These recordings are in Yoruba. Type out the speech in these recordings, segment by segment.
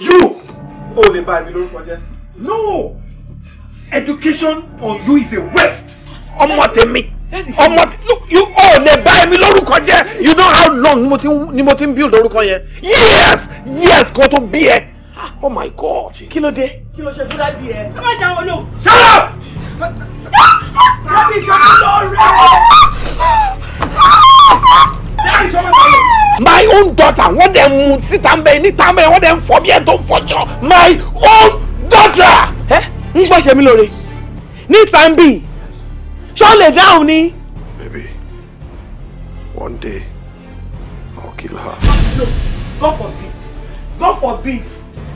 You! Oh, they buy me lórúkọ jẹ́. No! Education on you is a waste. Ọmọ tèmi. Ọmọ look you Oh, they buy me lórúkọ jẹ́. You know how long ni mo ti ń build orúkọ yẹn? Yes! Yes! Kò tó bí ẹ. Ah, oh my God! Kí ló dé? Kí ló ṣe fúdá di ẹ? Ẹ má jà wọn Shut up! Dábì ìṣọ́nà lọ rẹ̀. Dábì ìṣọ́nà lọ rẹ̀ my own daughter wọ́n dẹ̀ mú síta ń bẹ níta ń bẹ wọ́n dẹ̀ ń fọ́ bí ẹ̀ tó ń fọṣọ my own daughter. ẹ ń gbọ́ ṣe mí lóore níta ń bì ṣọ́ lè dáhùn ni. baby one day i'll kill her. no god forbid god forbid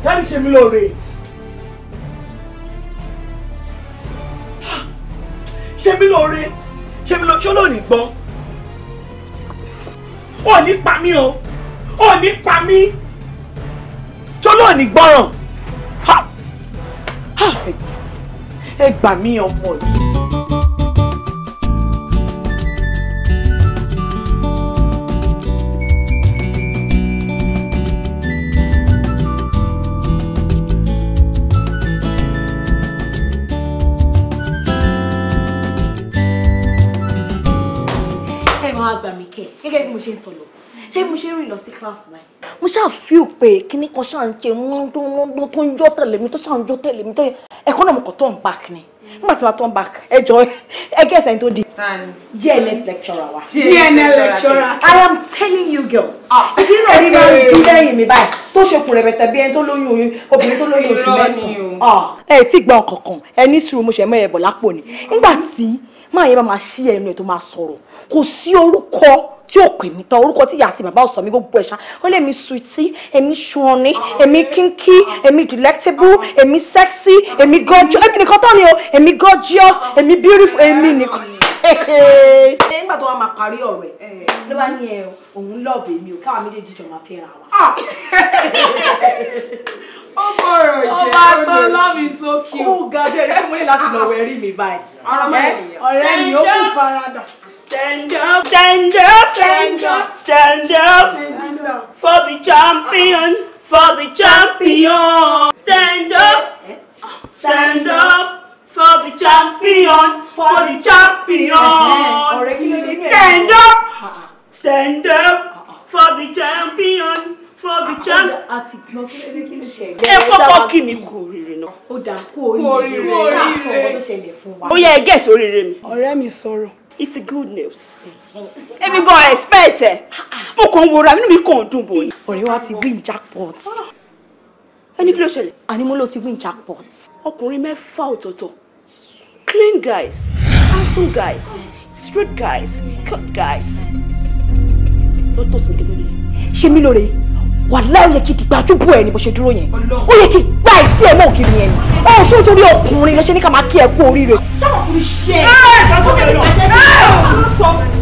dáàdi ṣe mí lóore. ṣe mí lóore ṣe mí lóore ṣé lónìí gbọ́ ò ní pa mí o ò ní pa mí jọlọ ní gbọràn ẹ gbà mí ọmọ yìí. kẹ̀ gẹ́gẹ́ bí mo ṣe ń sọ lọ ṣé mo ṣe ń rìn lọ sí kíláàsì náà. mo ṣáà fíò pé kíní kan ṣáà ń ṣe mú tó ń yọ tẹ̀lé mi tó ṣáà ń yọ tẹ̀lé mi tó yẹ ẹ̀kọ́ náà mo kàn turn back ni nígbà tí ma turn back ẹ jọ ẹ gẹ́ ẹ̀sẹ̀ tó di. GNS lecturer wa. GNS lecturer. I am telling you girls. Ah. ìdí náà ní máa ń dún lẹ́yìn mi báyìí tó ṣe kùn rẹpẹtẹ bí ẹni tó lóyún oyún obìnrin tó lóyún oṣù mẹ́sàn-án. Ah. ẹ ti gbọ́n kankan ẹ ní sùúrù mo ṣẹ̀ mọ́ ẹ̀ bọ̀ lápò ni nígbà tí máa yẹn bá máa ṣí ẹnu ẹ̀ tó máa sọ̀rọ̀ kò sí orúkọ tí ò pè mí tán orúkọ tí ìyá àti bàbá ọ̀sán mi gbogbo ẹ̀ṣá ó lè mi sweetie èmi ṣùọ́ni èmi kínkí èmi delectable èmi sexy èmi gorgeous èmi nìkan tán ni o èmi gorgeous èmi beautiful èmi nìkan ṣe nígbà tó wà máa parí ọ̀rọ̀ ẹ̀ ló bá ní ẹ òun lọ́ọ̀bù èmi ò káwa méjèèjì jọ máa fẹ́ra wa. Ah! ó mọ ọ̀rọ̀ ìjẹ́ ó máa tó lọ́ọ̀bì tó kí o. kú gajọ ẹ̀rẹ́ tó múlẹ̀ láti lọ wẹ̀rí mi báyìí. ọ̀rẹ́ mi ó kú farada. Stand up, stand up, stand up, stand up for the champion, for the champion. Stand up, stand up for the champion for the champion stand up stand up for the champion for the ah, champion. ẹ kọ́kọ́ kí mi kú oríire náà. ó dáa kú oríire kú oríire bóyá ẹ gẹ̀ẹ́sì oríire mi. ọ̀rẹ́ mi sọ̀rọ̀. It's good news. Èmi gan expect ẹ̀. Mo kàn ń wo ra, inú mi kàn ń dùn bò ni. Ọ̀rẹ́ wa ti win jackpot. Ah. Ẹni kí ló ṣẹlẹ̀? Àní mo ló ti win jackpot. Ọkùnrin mẹ́fà ọ̀tọ̀ọ̀tọ̀ Clean guys, handsome guys, straight guys, cut guys. Ó tó sinmi kékeré. Ṣé mi lóore? Wàláì ó yẹ kí dìgbà àjúbọ̀ ẹ̀ ni bó ṣe dúró yẹn. Ó yẹ kí gbá ìtí ẹ̀ mọ́ ògiri yẹn ni. Ó sún nítorí ọkùnrin ló ṣe ní ká máa kí ẹ kú oríire. Táwọn ọkùnrin ṣe é. Ẹ ẹ̀ ẹ̀ ẹ̀ ẹ̀ ẹ̀ ẹ̀ ẹ̀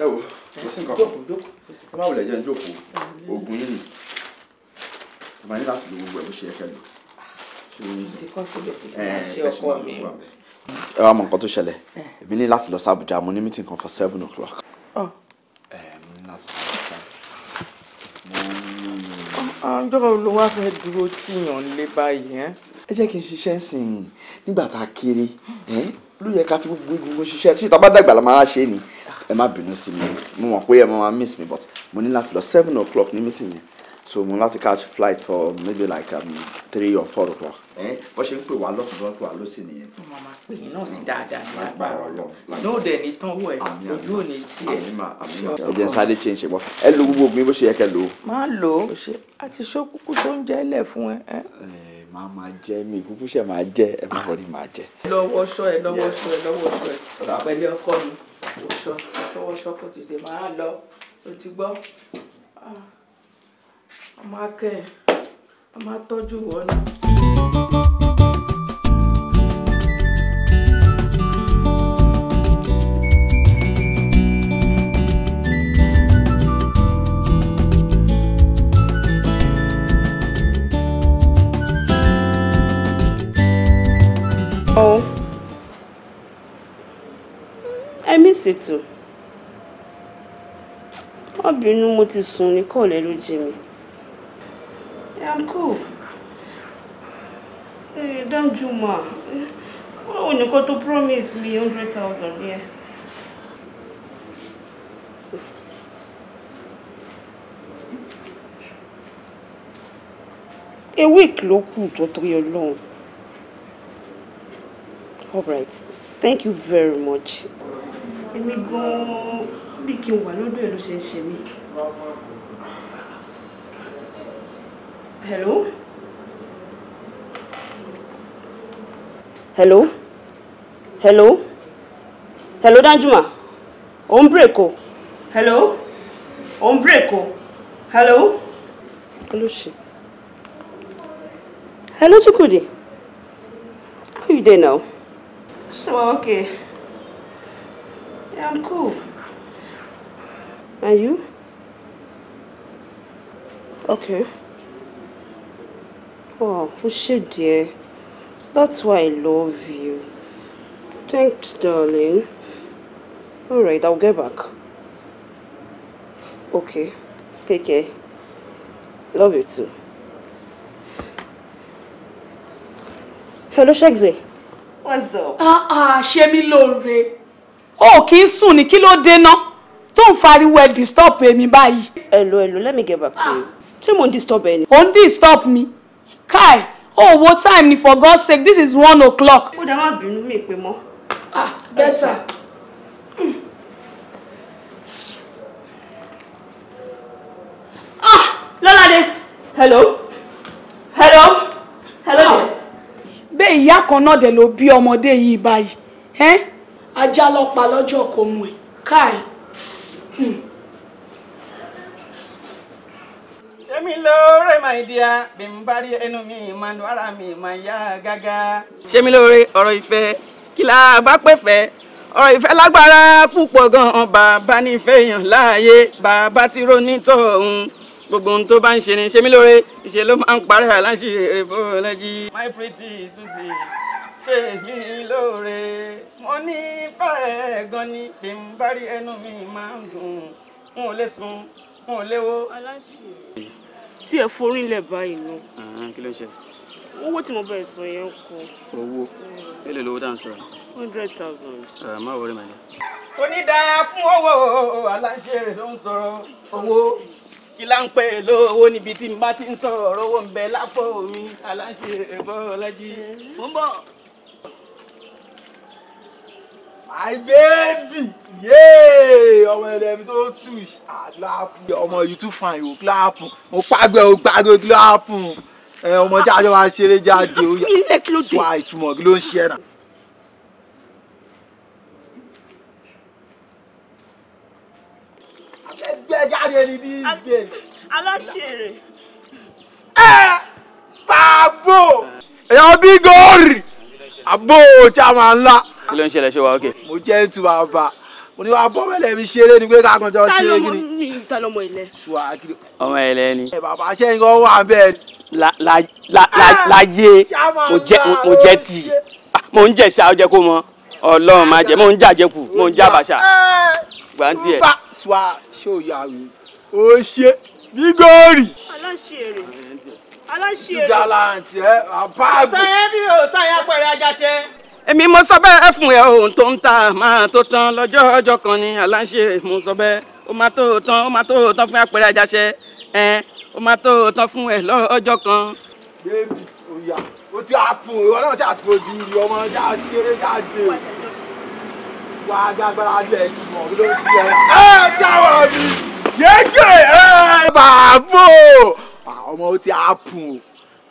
ẹ wo kò sí nǹkan kan ẹ má wulẹ̀ jẹ́ ń jókòó oògùn yín ni ẹ máa ní láti lo gbogbo ẹ̀ bó ṣe yẹ kẹ́ lò ṣé o ní sè é ẹ ẹ ṣe máa lo wà bẹ́ẹ̀. ẹ wá mọ nǹkan tó ṣẹlẹ̀ èmi ní láti lọ sí Àbújá mo ní meeting kan for seven o'clock. ẹ mo ní láti lọ sí Àbújá. ǹjọ́ ló wá fẹ́ dúró tíyàn lé báyìí ẹ́ ẹ jẹ́ kí n ṣiṣẹ́ sìn nígbà tá a kéré ló yẹ ká fi gbogbo egungun ṣiṣẹ́ tí ìta bá dàgbà la máa ṣe ni ẹ má bínú sí mi mo mọ̀ pé ẹ máa miss me? but mo ní láti lọ seven o'clock ní meeting yẹn so mo láti catch flight for maybe like um, three or four o'clock. ẹ bó ṣe ń pè wá lọ́kùnrin lọ́kùnrin wá ló sì nìyẹn. mo máa ma pè yín náà sí dáadáa ní agbára ọlọ́run náà dẹ̀ ní tán wọ ẹ ojú ò tí ẹ. ẹ jẹ́ sáré change ṣe bọ́ ẹ lo gbogbo ògbìn bó ṣe yẹ kẹ́ lò. máa lò ó àti ṣó kúkú tó ń jẹ́ lẹ̀ fún ẹ máa máa jẹ mi kúkú ṣe máa jẹ ẹ má wọlé máa jẹ. lọ́wọ́ sọ ẹ lọ́wọ́ sọ ẹ lọ́wọ́ sọ ẹ ọ̀pẹ̀lẹ̀ ọkọ mi wọṣọ ṣọwọṣọ kò tètè máa lọ o ti gbọ́ ọmọ ah, akẹ́ ẹ̀ ọmọ atọ́jú wọn náà. hospital wọ́n bínú mo ti sùn ní kọ̀ọ̀lẹ́ ló jí mi. I'm cool. Hey, damn Juma. Báwo ni kò tó promise me hundred thousand yẹn? A week ló kù jọ torí Ọlọ́run. All right. Thank you very much èmi gan-an bí kí n wà lọ́dọ̀ ẹ̀ ló ṣe ń ṣe mí. hello hello hello hello Danjuma ò ń break o hello ò ń break o hello olùsìn hello Chukwudi how you dey now? so okay. I'm cool. And you? Okay. Oh, Ushi dear. That's why I love you. Thanks, darling. Alright, I'll get back. Okay. Take care. Love you too. Hello, Shagze. What's up? Ah, ah, ṣe mí lóore o kì í sùn ní kí ló dé ná tó ń fariwo ẹ disturb èmi báyìí. hello hello let me get back to you ṣé mo ń disturb ẹ ni. ò ń disturb mi kai o wo time ni for God's sake this is one o'clock. ó dá má bínú mi pé mọ́. ah better. ah lọ́ládé. hello hello hello. Ah. bẹ́ẹ̀ ìyá kan náà dẹ̀ ló bí ọmọdé yìí báyìí. Eh? ajá lọ́pàá lọ́jọ́ kò mú ẹ̀ káì. ṣé lóore my dear bí n bá rí ẹnu mi máa dùn ara mi máa yá gágá. ṣé lóore ọ̀rọ̀ ìfẹ́ kí la bá pè fẹ́ ọ̀rọ̀ ìfẹ́ lágbára púpọ̀ gan-an bàbá nífẹ̀ẹ́ èèyàn láàyè bàbá tí ronú tó gbogbo ohun tó bá ń ṣe ni ṣe mí lóore ìṣe ló máa ń parẹ́ aláṣẹ èrè fún my pretty Susie ṣe mí lóore mo ní fàrẹ̀ gan ni bí n bá rí ẹnu mi máa ń dùn n ò lè sùn n ò lè wo. aláṣẹ tí ẹ forí lẹ báyìí nù. kí ló ń ṣe. owó tí mo bẹ̀rẹ̀ sọ yẹn kọ. owó èlé lówó tá à ń sọ. hundred thousand. má wọrí màdé. onídàá fún owó aláṣẹ rẹ ló ń sọ̀rọ̀ owó kí la ń pè lówó níbi tí n bá ti ń sọ̀rọ̀ owó ń bẹ lápò mi aláṣẹ rẹ bọ́ ọlájí. mo ń bọ̀ my baby yéé ọmọ ẹlẹ́mi tó tù àgbàpù ọmọ yìí tún fàn yìí ó gbàpù mo pàgbẹ́ ó gbàgbé gbàpù ẹ ọmọ jájọ wa ṣeré jáde ó yà sọ àìtumọ̀ kí ló ń ṣe náà. ẹgbẹ́ jáde ni these days. aláṣẹrẹ. ẹ pàbó èèyàn bí gòórì àbó chairman ńlá kí ló ń ṣẹlẹ̀ ṣe wa ok. mo jẹ́ ìtura ọba mo ní wàá bọ́ mẹ́lẹ̀ mi ṣeré ni pé kákan jọ ṣe é kiri. ta lọmọ ilẹ̀. suwa kiri. ọmọ ilẹ̀ ni. ẹ bàbá aṣẹ́yìn kan wà bẹ́ẹ̀. la ah! mo jẹ ti ah, mo ń jẹ̀ṣà ọjẹ́ kó mọ ọlọ́run máa jẹ mo ń jàjẹkù mo ń jàbàṣà eh! gbàǹtì ẹ̀. suwa ṣé o yà o ṣe bí góòrì. aláṣẹ rẹ aláṣẹ rẹ. ìjà àǹtí ẹ àbá àgbò. ọ̀tá yẹn ni òòtá yẹn apẹ̀rẹ̀ ajá ṣe èmi mo sọ bẹ́ẹ̀ ẹ fún ẹ ohun tó ń ta máa tó tán lọ́jọ́ ọjọ́ kan ni aláṣẹ mo sọ bẹ́ẹ̀ ó máa tó tán ó máa tó tán fún apẹ̀rẹ̀ àjàṣẹ ẹ ó máa tó tán fún ẹ lọ́jọ́ kan. bébì òyà ó ti àpò ìwọ náà ṣe àtìfojú rí ọmọ ọjà ṣeré jáde wà á gbàgbára lẹ̀ ìtumọ̀ ló ń fi ẹ. ẹ ti mi yéèké ẹ bàbá ah, ọmọ ó ti àpò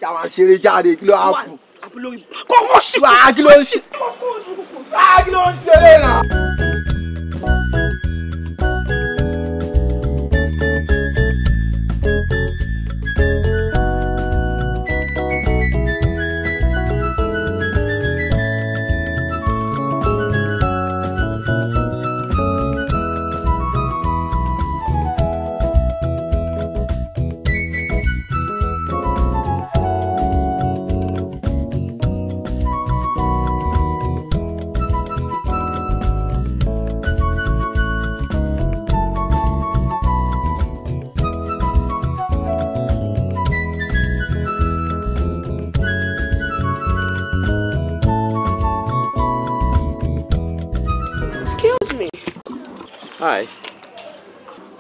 ó ti ṣeré jáde kí ló àpò àbúlórí kó wọ́n ṣì wá. àgìlò ń ṣe. àgìlò ń ṣe lẹ́yìn Hi.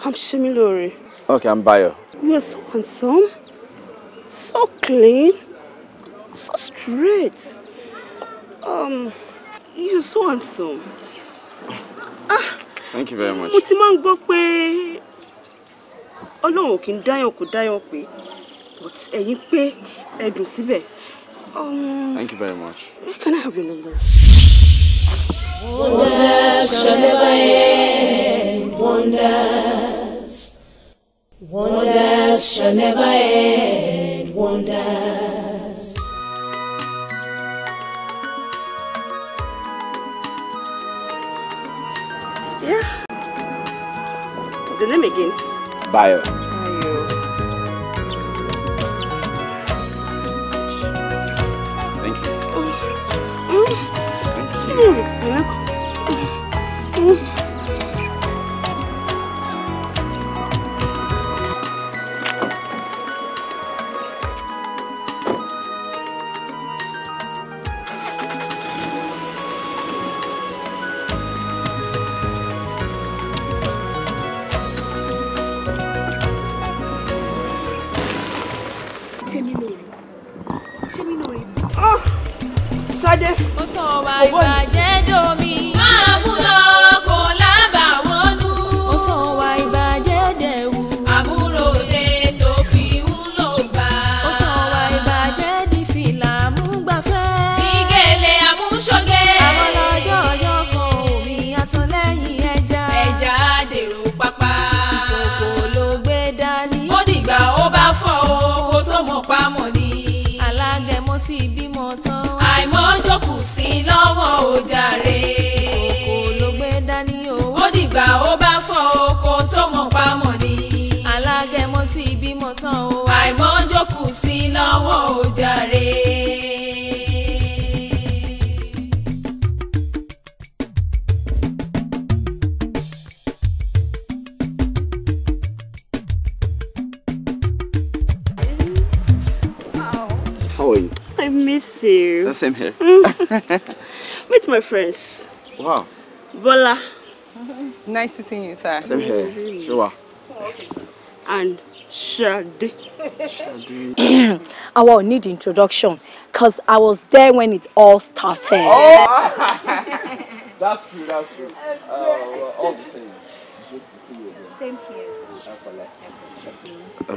I'm Shimilori. Okay, I'm Bayo. You're so handsome, so clean, so straight. Um, you're so handsome. ah, Thank you very much. Mo ti máa ń gbọ́ pé Ọlọ́run ò kì í dáyàn kò dáyàn pé but ẹ̀yin um, Thank you very much. Can I have your number? Wonders shall never end. wonders. Wonders shall never end, wonders. Yeah. The name again? Bio. 别口。same here. Meet my friends. Wow. Bola. Nice to see you, sir. Same here. Sure. Oh, okay, sir. And Shadi. Shadi. I will need introduction because I was there when it all started. Oh. that's true, that's true. Uh,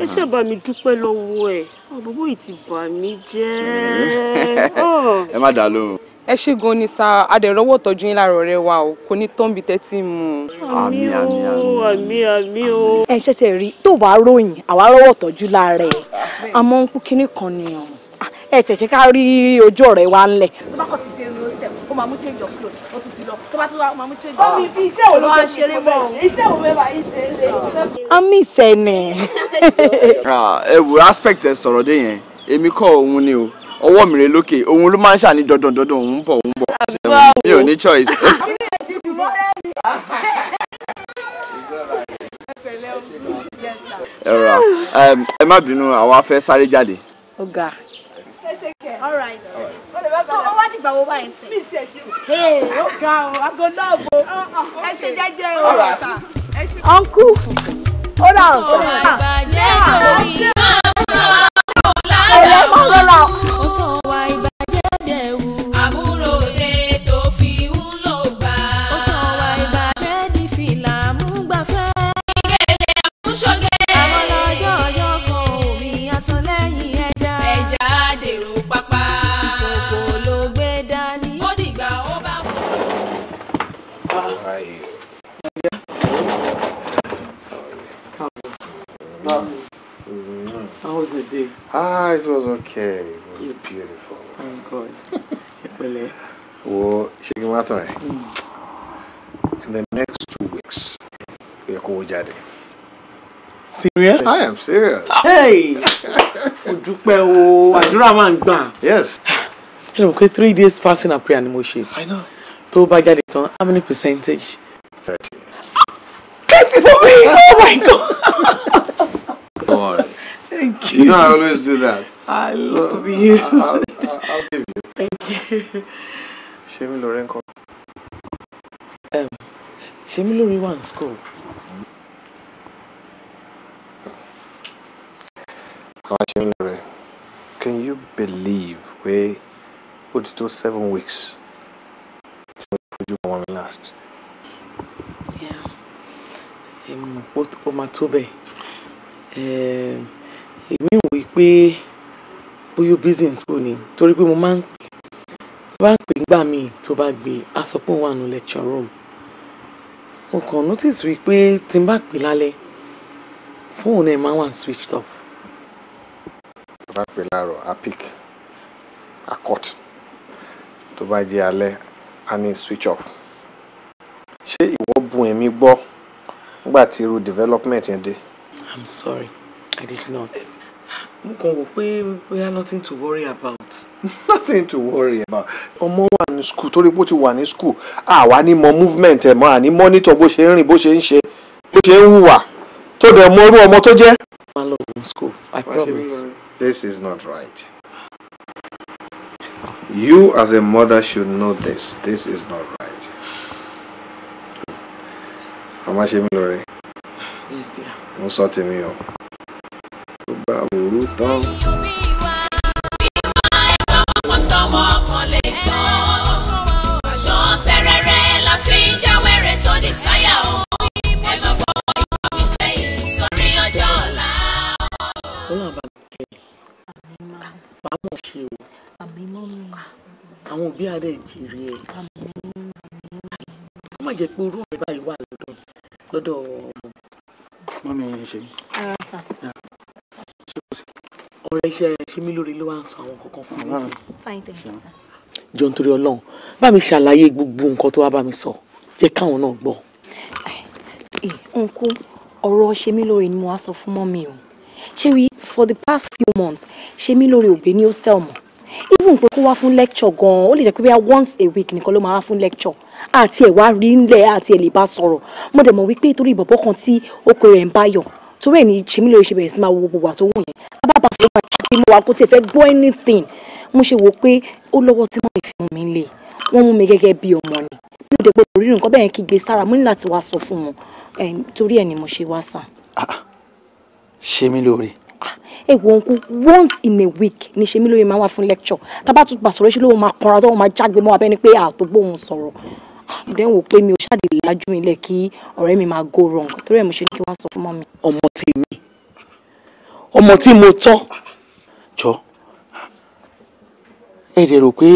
ẹ ṣe bá mi dúpẹ́ lọ́wọ́ ẹ̀ àbúrò yìí ti bà mí jẹ́. Mm-hmm. Oh. ẹ má dà lóhùn. ẹ ṣe gan ni sá adẹ̀rọ́wọ́ tọ́jú yín láàárọ̀ rẹ wa o kò ní tán bíi tẹ́tí mu. àmì o àmì àmì o. ẹ ṣẹ̀ṣẹ̀ rí tó wàá ròyìn àwa rọ́wọ́ tọ́jú láàárẹ̀ àmọ́ ń kú kinní kan nìyàn ah, ẹ tẹ̀jẹ̀ ká rí ojú ọ̀rẹ́ wa ńlẹ̀. tó bá kọ́ ti dé rosette ó máa mú change of bá ti wá máa mú change. omi fi iṣẹ́ wo ló fẹ́ ṣeré mọ́ o iṣẹ́ wo mẹ́fà iṣẹ́ lè. omi ìsẹ̀nẹ̀. ẹ wo aspect ẹ sọ̀rọ̀ dé yẹn èmi kọ́ òun ni o ọwọ́ mi rè lókè òun ló máa ń ṣàní dandan dandan òun bọ̀ òun bọ̀ mi ò ní choice. ẹ rà ẹ má bínú àwa fẹ́ sáré jáde. ọ̀gá. all right. so ọwọ́ àdìgbà wo báyìí sẹ́yìn ó ga o aago náà bo ẹ ṣe jẹ́jẹ́ o ọ̀sà. ọ̀nkú ó rà ọ̀sà. ìbàjẹ́ lórí. Okay, You're beautiful. Thank oh, God. well, Mm. In the next two weeks, we are going to Serious? I am serious. Ah! Hey! Yes. You know, three days fasting and prayer ni I know. Tó by the tán, how many percentage? Thirty. Thirty for me! Oh my God! Don't worry. Thank you. You know I always do that. I love you. I'll, I'll, I'll give you. Thank you. Ṣé mi lórí nǹkan? Um, Ṣé mi lórí wà Can you believe we put ti tó seven weeks tí mo fojú kan last? Yeah. mọ̀ pé ó máa tó bẹ́ẹ̀. Um, we bóyá busy in school ni torí pé mo máa ń pè tó bá ń pè nígbà míì tó bá gbé a sọ pé òun wà nù lecture room mo kàn notice wípé tí n bá pè lálẹ́ fóònù ẹ̀ máa wà switched off. tó bá pè láàárọ̀ a pick a cut tó bá jẹ́ alẹ́ a ní switch off ṣé ìwọ bun èmi gbọ́ nígbà tí irú development yẹn dé. i'm sorry i did not mo kàn wò pé we have nothing to worry about. nothing to worry about ọmọ wà ní school torí bó ti wà ní school àwa ní mọ movement ẹ̀ mọ́ àní monitor bó ṣe ń rìn bó ṣe ń ṣe bó ṣe ń hùwà tó dẹ̀ mọ irú ọmọ tó jẹ́. ma lọ gun school i promise. this is not right. you as a mother should know this this is not right. àmọ́ ṣe mí lóore. yes dear. mo sọ tèmi o. àwọn òbí ààrẹ jèrè ẹ̀ kó má jẹ́ pé orú ọ̀rẹ́ báyìí wà lọ́dọ̀ lọ́dọ̀ ọmọ. mọ́mí ṣe mí. ọ̀rẹ́ iṣẹ́ ṣe mí lórí ló wá ń sọ àwọn kankan fún mi sí. jọ nítorí ọlọ́run bá mi ṣàlàyé gbogbo nǹkan tó wá bá mi sọ jẹ́ káwọn náà gbọ́. Eh, eh, nkú ọ̀rọ̀ ṣe mí lórí ni mo wá sọ fún mọ́mí o ṣé wí for the past few months ṣe mí lórí ògbé ní hostel mọ́ even pé kó wá fún lecture gan-an ó lè jẹ́ pé bóyá once a week nìkan ló máa wá fún lecture àti ẹ̀ wá rí ńlẹ̀ àti ẹ̀ lè bá sọ̀rọ̀ mo dẹ̀ mọ̀ wípé torí ìbọ̀bọ̀ kan tí oko rẹ̀ ń bá yọ̀ torí ẹ̀ ní ṣèmi lóye ṣe bẹ̀rẹ̀ sí máa wo gbogbo àtọwọ́ yẹn abábà fún wa jáde mọ́ wa kó tiẹ̀ fẹ́ gbọ́ anything mo ṣe wò pé ó lọ́wọ́ tí wọ́n fi mú mi lé wọ́n mú mi gẹ́gẹ́ bí ọmọ ni mi ò dé gbọdọ̀ rí nǹkan bẹ́ẹ̀ kí gbé sára mo ní láti wá sọ fún wọn torí ẹ̀ ni mo ṣe wá sàn. Ah, ah. ṣèmi lóore Ah, ẹ wo nǹkan once in a week ni ṣe mí lóye máa wà fún lecture tábà tún gbà sọ̀rọ̀ ṣe lóun máa kanra tóun máa jágbe mọ́ abẹ́ni pé àtògbò òun sọ̀rọ̀ ah, dẹ́n wò pé mi ò ṣáàdì lájú mi lẹ̀ kí ọ̀rẹ́ mi máa go wrong torí ẹ̀ mo ṣe ní kí wàá sọ fún mọ́ mi. ọmọ tèmi ọmọ tí mo tọ́ jọ ẹ dẹ̀ rò pé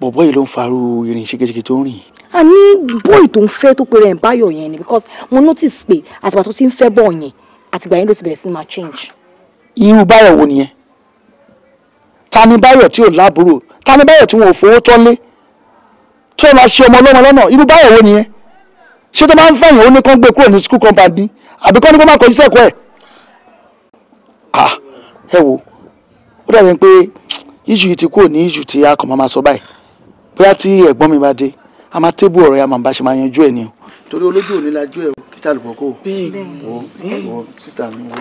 bọ̀bọ́ yìí ló ń farú irin ṣégeṣége tó ń rìn. a ní bóyì tó ń fẹ́ tó pèrè ẹ̀ báyọ̀ yẹn ni because mo notice pé àtìgbà tó ti ń fẹ́ bọ̀ yẹn àtìgbà yẹn ló ti bẹ̀rẹ̀ sí máa change irú báyọ̀ wo nìyẹn ta ni báyọ̀ tí ò láàbúrò ta ni báyọ̀ tí wọn ò fowó tọ́lé tí wọn máa ṣe ọmọ ọlọ́mọ lọ́nà irú báyọ̀ wo nìyẹn ṣé tó máa ń fẹ̀yìn ó ní kán gbé kúrò ní school compound ni àbí kán ní kó má kọjú sẹ́kọ̀ọ́ ẹ̀ ah ẹ wo ó dàbí pé iṣu yìí ti kúrò ní iṣu tí a kàn máa sọ báyìí bóyá tí ẹ̀gbọ́n mi bá dé a máa tébù ọ̀rọ̀ yà máa bá ṣe máa yanjú ẹ̀ ni o torí olójú òní lajú ẹ̀ kí tàlùbọ̀ kò wò wò sísà mi wò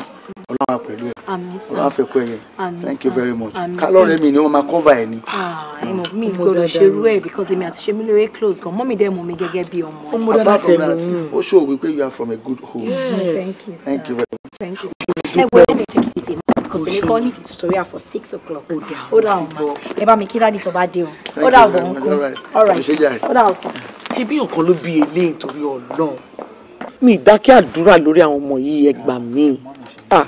ọlọ́run pẹ̀lú ẹ̀ ọlọ́run àfẹ́kọ́ ẹ̀yẹ thank you very much kálọ̀rẹ́ mi ni wọ́n máa cover ẹ̀ ni. Ah, mi gbọ́dọ̀ ṣe rú ẹ̀ because èmi àti ṣemi lóore close gan mọ́mí dẹ́ mú mi gẹ́gẹ́ bí ọmọ. ó mú dáadáa tẹ̀ mú un. ó ṣòwò you are from a good home. yes thank you very much. thank you sir. ẹ wẹ́n mi take it easy because èmi kọ́ ní tutorial for six o'clock. ó dà ọ̀ mọ́ ẹ bá mi kí dáàdì tó bá dé o. ó dà ọ̀ nkú all right ó dà ọ̀ sàn. ṣe bí nǹkan ló bí eléyìí torí ọlọ́run mi ìdákẹ́ àdúrà lórí àwọn ọmọ yìí ẹ gbà míì. Ah.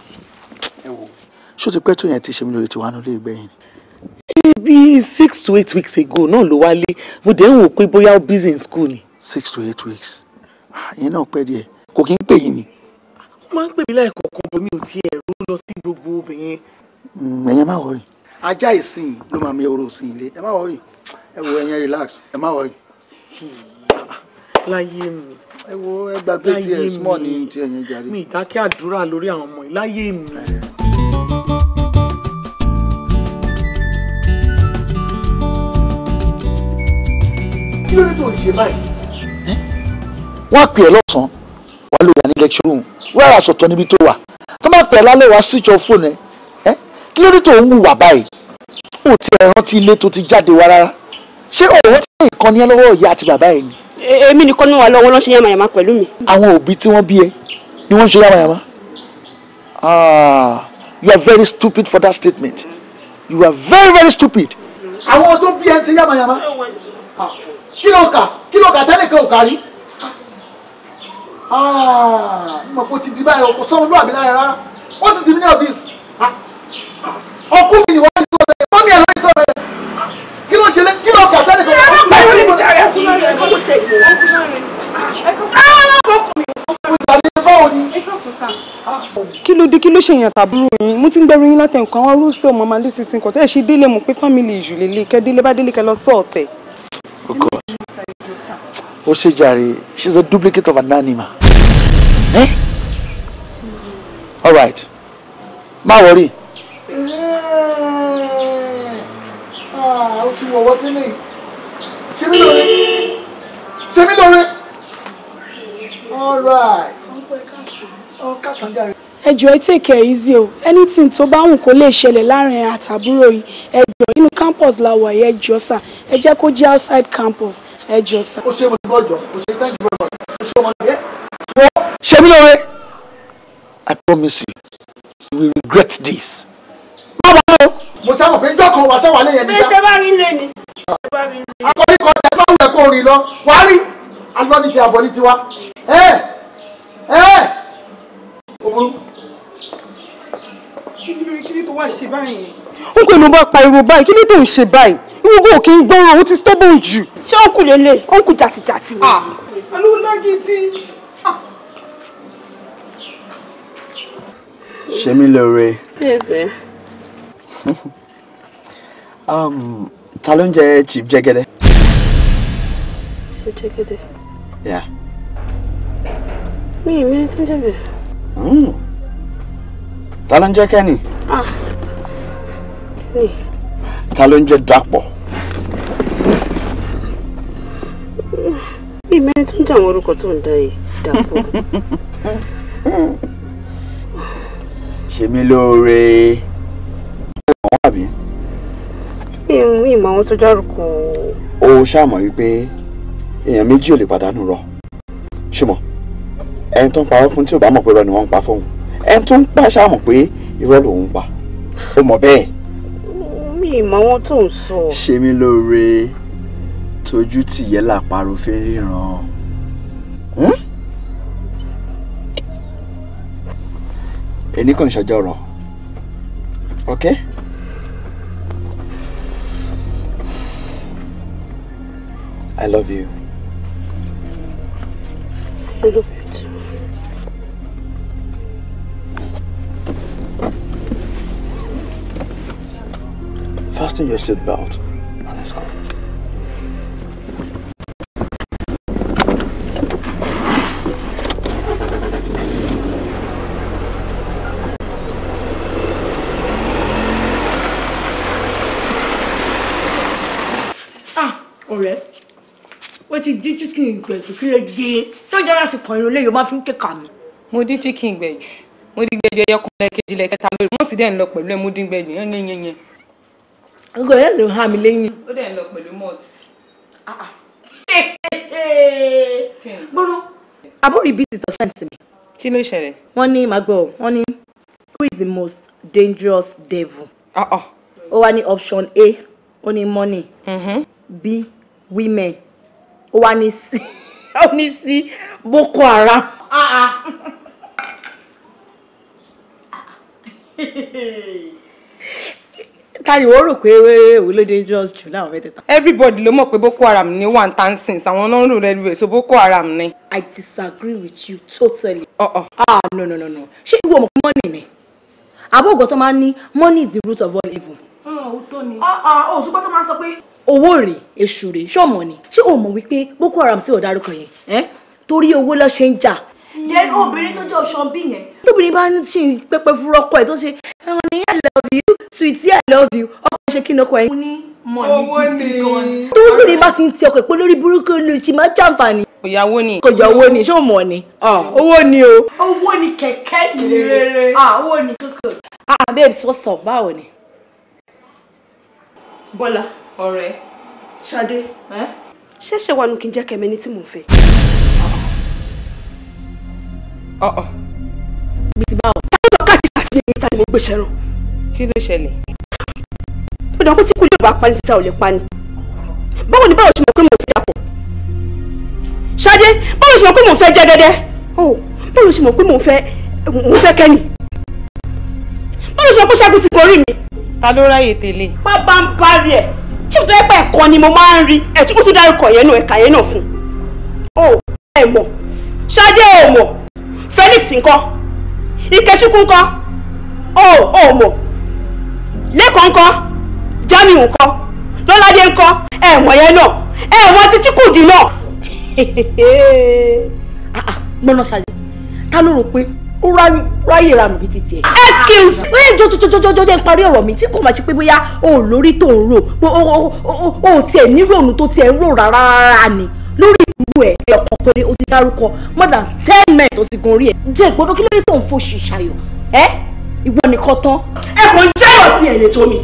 ṣó ti pẹ́ tó yẹn ti ṣe mí lórí tiwa nílé ìgbẹ́yìn ni. six to eight weeks ago náà ló wálé mo dẹ̀ ń wò pé bóyá ó busy in school ni. six to eight weeks ah, ìyẹn náà pẹ́ díẹ̀ kò kí ń pè yín ni. ó máa ń pè mí láìkọ̀ọ̀kan bọ̀ mi ò tiẹ̀ rú lọ sí gbogbo obìnrin. Mm, ẹ̀yẹn má wọ̀rì ajá ìsìn ló máa mi oró sí ilé ẹ má wọ̀rì ẹ wo ẹ̀yẹn relax ẹ má wọ̀rì. láyé mi ẹ wo ẹ gbàgbé tiẹ̀ small ní tiẹ̀ yẹn jàre. mi ìdákẹ́ àdúrà lórí àwọn ọmọ ìláyé mi. kí ló dé tó ń ṣe báyìí. wọ́n á pè é lọ́sàn-án wàá lò wà ní lecture room wọ́n á rà sọ̀tọ̀ níbi tó wà tó má pè é lálẹ́ wàá switch off phone kí ló dé tó ń wùwà báyìí ó ti rántí ilé tó ti jáde wá rárá ṣé òun ti ní ìkànnì ẹ lọ́wọ́ ìyá àti bàbá ẹ̀ ni èmi nìkan ní wà lọ́wọ́ lọ́n ṣe yàmàyàmà pẹ̀lú mi. àwọn òbí tí wọ́n bí ẹ ni wọ́n ṣe yàmàyàmà ah you are very stupid for that statement you are very very stupid. àwọn tó bí ẹ ṣe yàmàyàmà ah, kí ló kà kí ló kà tẹ́lẹ̀ kan ò kà rí ah, mọ̀ kó ti di báyìí ọkọ̀ sọ́run lóàbí lára rárá ó sì ti ní ọ́fíìsì ah, ọkùnrin ni wọ́n. ló dé kí ló ṣe èèyàn tàbúrò yín mo ti ń gbẹrù yín látẹ̀kọ́ àwọn rúùsítọ̀ mọ́ máa lé sísìn kọ́ tẹ́ ẹ̀ ṣe délé mọ̀ pé fámìlì ìjù lélẹ̀ kẹ́ délé bá délé kẹ́ lọ sọ ọ̀tẹ̀. Oh ó ṣe jàre she's a duplicate of an animal. Eh? all right má wọrí. o ah, ti wọ̀wọ́ tẹ́lẹ̀ ṣe mí lóore ṣe mí lóore all right. ọ̀n kásán jàre ẹ ẹ take care easy o anything tó bá wù kó lè ṣẹlẹ̀ láàrin àtàbúrò yìí ẹ jọ̀ọ́ inú campus la wà yìí ẹ jọ̀ọ́ sà ẹ jẹ́ kó jẹ́ outside campus ẹ jọ̀ọ́ sà. ó ṣe mo ti bọ́jọ ó ṣe thank you very much ó ṣe ọmọ rẹ wọ́n ṣe lóore. I promise you we regret this. má wàá o. mo sábà pé jọ́kọ̀ wà sọ́wọ́ alẹ́ yẹn níta. ẹ tẹ́ bá rí lé ni. akọni kan tẹ bá wù ẹ kó rìn lọ wàá rí alọ́ ní ti àbọ̀ ní tiwa. ẹ ẹ n kò ní bá pariwo báyìí kí ló tó ń ṣe báyìí ìwúgbò kì í gbọ́ràn ó ti stubborn jù. ṣé ọ̀nkù lélẹ̀ ọ̀nkù jàtìjàtì ni. àlọ́ lágídí. ṣe mí lóore. ta ló ń jẹ chip jẹgẹdẹ. chip jẹgẹdẹ. mi ì mi ti ń jẹ bẹ́ẹ̀. Hmm ta ló ń jẹ́ kẹ́ni. Ah, ta ló ń jẹ́ dàpọ̀. bí mẹ́rin tún jẹ́ àwọn orúkọ tó ń da yìí dàpọ̀. ṣe mí lóore. àwọn àbí. mi ò ìmọ̀ àwọn tó járùkù. o ṣàmọ̀ wípé èèyàn méjì ò lè pàdánù rọ ṣùgbọ́n ẹni tó ń parọ́ fún tí ò bá mọ̀ pé rọ ni wọ́n ń pa fóun ẹni tó ń pàṣà mọ̀ pé irọ́ lòun pa ó mọ̀ bẹ́ẹ̀. mi ìmọ̀ wọn tó ń sọ. ṣe mí lóore tójú tìyẹ́ làpárò fẹ́ ríran. èmi hmm? kàn ṣọjọ́ rọ̀ ok. I love you. I love you. fasten your seatbelt. Now let's go. Ah, ọ̀rẹ́ wọ́n ti dín chicken ìgbẹ̀jù kí lè dé e. tó jẹ́ láti kàn irun léyìí ó máa fi ń kéka mi. mo dín chicken ìgbẹ̀jù mo dín gbẹ̀jù ẹyọ kan lẹ́ẹ̀kejì lẹ́ẹ̀kẹta lórí mo ti dẹ́n lọ pẹ̀lú ẹ mo dín gbẹ̀jù yẹn yẹn yẹn yẹn nǹkan yẹn ló hàn mí lẹ́yìn. ó dẹ̀ ń lọ pẹ̀lú malt. Ah, ah. gbọ́dọ̀ àbúrò ibi ti tọ́sán sí mi. kí ló ṣẹlẹ̀. wọ́n ní màá gbọ́ wọ́n ní who is the most dangerous devil. Ah, ó wá ní option a ó ní money mm-hmm. b women ó wá ní c ó ní c boko haram. tari wo pé olóde just jù láwọn mẹ́tẹ̀ẹ̀ta. everybody ló mọ̀ pé boko haram ní one time since àwọn náà ń rò lẹ́rú so boko haram ni. i disagree with you totally. Uh -uh. ah no no no no ṣé ìwọ mọ̀ pé money ni àbọ̀gọ́ tó máa ń ní money is the root of all evil. Ah, ó tó ni. ó ah, ah, ṣùgbọ́n tó máa ń sọ pé. owó rèé èṣù rèé ṣọ́ọ̀mọ̀ ni ṣé o mọ̀ wípé boko haram tí ò dárúkọ yẹn torí owó ló ṣe ń jà then oh, obìnrin tó jẹ́ option b yẹn. tóbìnrin bá ń ṣe pẹpẹ fúru ọkọ ẹ tó ṣe ẹran ní i love you sweetie i love you ọkọ ṣe kí ni ọkọ ẹ. mo ní mọ̀lì gidi gan. tóbìnrin bá ti ń ti ọkọ ìpè lórí burúkú olùsí máa jàǹfààní. òyàwó ni. kò yọ owó ni ṣé o mọ̀ ni. owó ni o. owó ni kẹ̀kẹ́ ìrere owó ni kankan. ah babe sọ́sọ̀ báwo ni. bọ́lá ọ̀rẹ́ ṣadé ṣẹ́ṣẹ̀ wa nù kí n jẹ́ kẹ́mẹ́ni tí mò ń fẹ́ bí ti bá wọn. tá ni mo gbèsè rán. kí ló ṣẹlẹ̀. ó dàn kó tí kúlẹ̀ bá pani títa ò lè pani. báwo ni báwo ṣe mọ̀ pé mo fi dàpọ̀. ṣáde báwo ṣe mọ̀ pé mo fẹ́ jẹ́ dẹ́dẹ́. báwo ṣe mọ̀ pé mo fẹ́ mo fẹ́ kẹ́ni. báwo ṣe mọ̀ pé ṣáàgùn ti gorí mi. ta ló ráyè tẹ́lẹ̀. pápá ń bá rí ẹ̀ tí mo tọ́ ẹ pẹ́ ẹ̀kọ́ ni mo máa ń rí ẹ̀ tí mo tún dárúkọ yẹn náà ẹ̀ka yẹn náà fún. ó Felix ńkọ́ Ikechukwu ńkọ́ o ò mọ̀ Lẹ́kọ̀ọ́ ńkọ́ Jamiu ńkọ́ Lọ́ládé ńkọ́ ẹ mọ̀ yẹn náà ẹ mọ̀ títí kùdì náà. Ah, ah, mọ́nà ṣáájú ta ló rò pé ó ráyè ranù bíi titi ẹ. excuse me. wọ́n yẹ jọjọjọjọjọ jẹ́ n parí ọ̀rọ̀ mi tí kò máa ṣe pé bóyá o ò lórí tó ń rò o ò tiẹ̀ níròònù tó tiẹ̀ ń rò rárá ni lórí ìlú ẹ̀ ẹ̀ ọ̀kan péré o ti dárúkọ more than ten men tó ti gun orí ẹ̀ jẹ́ ìgbóná kí lórí tó ń fò ṣì ṣayọ̀ ẹ́ ìwọ nìkan tán. ẹ kò ń jẹ́yọ̀ sí ẹ̀lẹ́ tó mi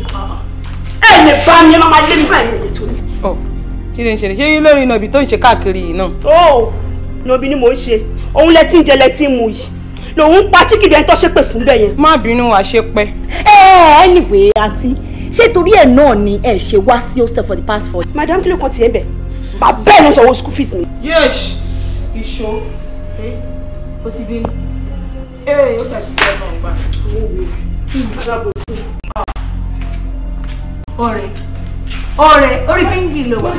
ẹ lè bá mi ẹ máa máa lé mi báyìí ẹ̀lẹ́ tó mi. ọ kí ni ń ṣẹlẹ̀ ṣé lórí nọbi tó ń ṣe káàkiri yìí náà. ó nọbi ni mò ń ṣe òun lẹ ti ń jẹ lẹ ti ń mu yìí lòun pa chicken ẹni tó ṣépè fún bẹ́ẹ̀ má bínú àṣepẹ. ẹ ẹ anyway àǹtí ṣé torí ẹ náà ni ẹ ṣe wá sí hostel for the past four. madam kí ló kàn tiẹ̀ bẹ̀ màá bẹ́ẹ̀ lọ ṣọwọ́ school fees mi. yes ìṣó ó ti bí ẹ ẹ ó tàbí ẹ náà gbà owó mi ọ̀rẹ́ ọ̀rẹ́ orí pínkì ló wà.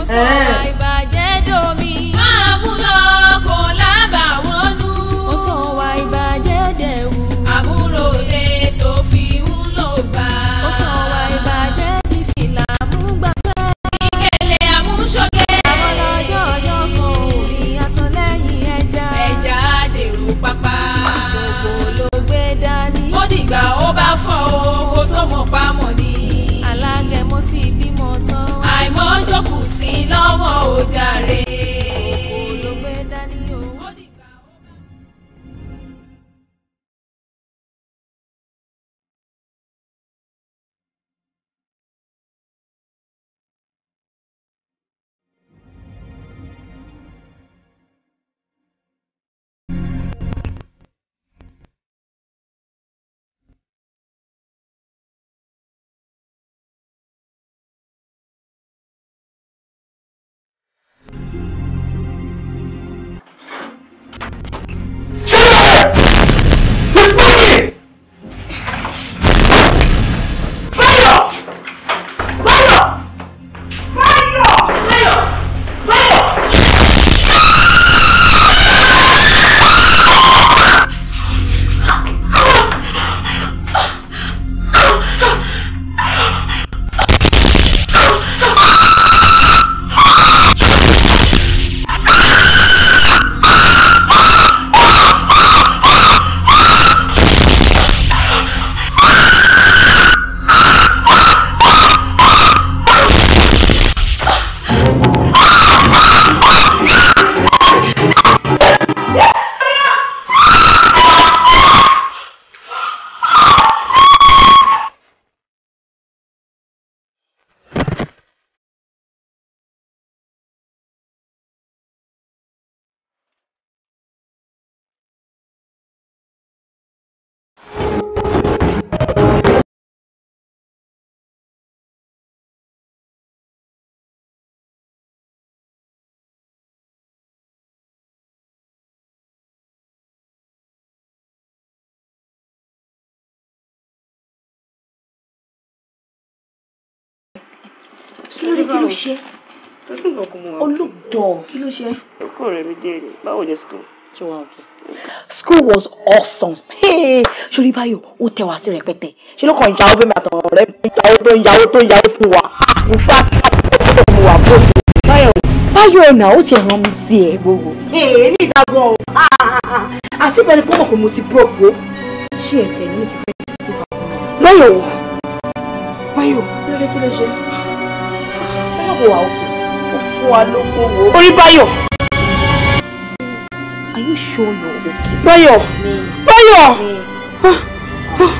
ó sọ àìbàjẹ́ domi. máa mú lọ kí kí ló ṣe olùdọ̀ kí ló ṣe. ọkọ rẹ mi dé ni báwo ni school. school was awesome ṣorí báyọ̀ ó tẹ wá sí rẹpẹtẹ ṣe ló kàn yàwó bẹ́ẹ̀ àtàwọn ọ̀rẹ́ yàwó tó ń yàwó tó ń yàwó fún wa in fact ó tó mú wa bó báyọ̀. báyọ̀ ọ̀nà ó ti ràn mí sí ẹ gbogbo. èyí ní ìdágbọ́n o ah, ah, ah, àṣìbẹ̀rẹ̀ kọ́mọ̀ pé mo ti broke o ṣé ẹ̀ tẹ̀ ní kí fẹ́ẹ́ ti báyọ̀ báyọ̀ kí ló dé kí ló ṣe báwo wà òkè ó fún wa lókòwò. orí báyọ̀. are you sure you're okay. báyọ̀ báyọ̀. Ah, ah,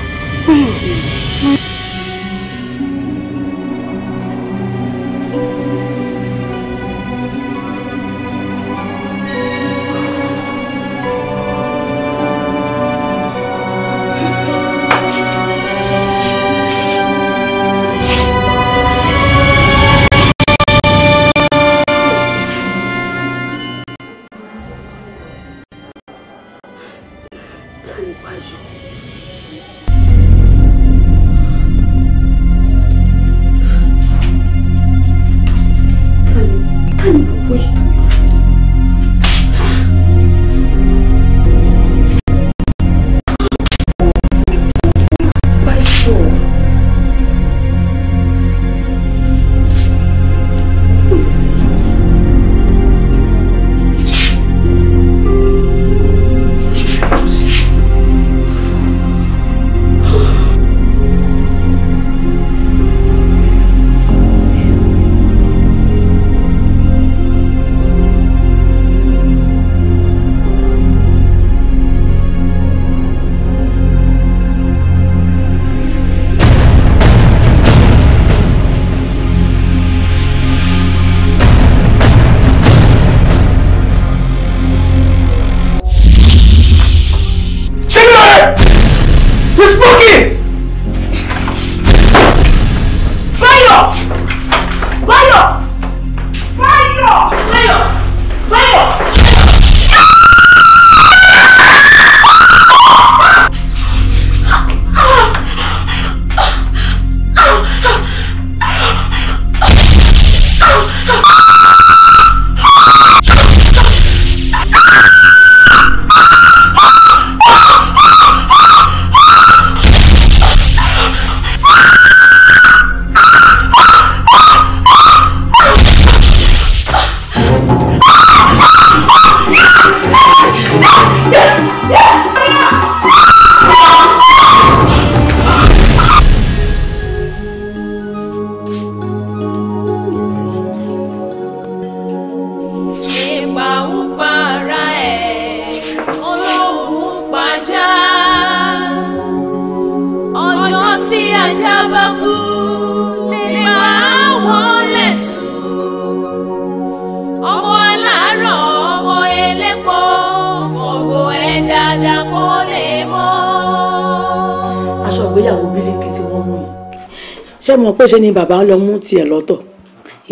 ṣe ni bàbá lọ mú tiẹ̀ lọ́tọ̀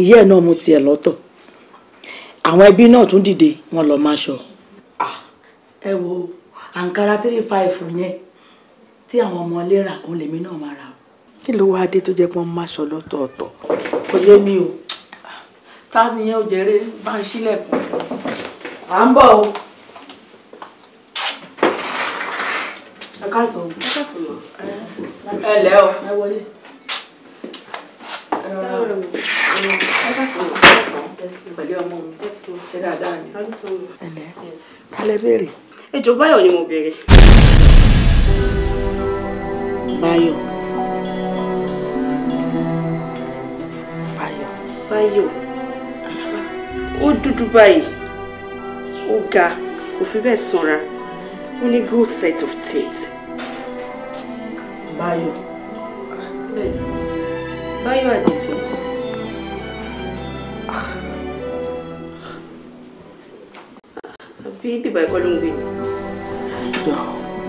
ìyá ẹ̀ náà mú tiẹ̀ lọ́tọ̀ àwọn ẹbí náà tún dìde wọn lọ máa ṣọ. ẹ wo àǹkárá three five yẹn tí àwọn ọmọ ilé rà òun lèmi náà máa rà o. kí ló wáá dé tó jẹ́ pé wọ́n máa ṣọ lọ́tọ̀ọ̀tọ̀. kò yé mi o ta ni ẹ ò jẹ́rẹ́ bá ń ṣílẹ̀kùn à ń bọ̀ o. ẹ káàsán ẹ káàsán ẹ lẹ́ o ẹ wọlé. Kálẹ̀ béèrè. Ẹjọ́ Báyọ̀ ni mo béèrè. Báyọ̀. Báyọ̀. Báyọ̀. Ó dúdú báyìí. Ó ga. Kò fi bẹ́ẹ̀ sanra. Ó ní good set of teeth. Báyọ̀. Bẹ́ẹ̀ni. Báyọ̀dé. Àbí bíbá ẹ̀kọ́ ló ń gbé ni. Jọ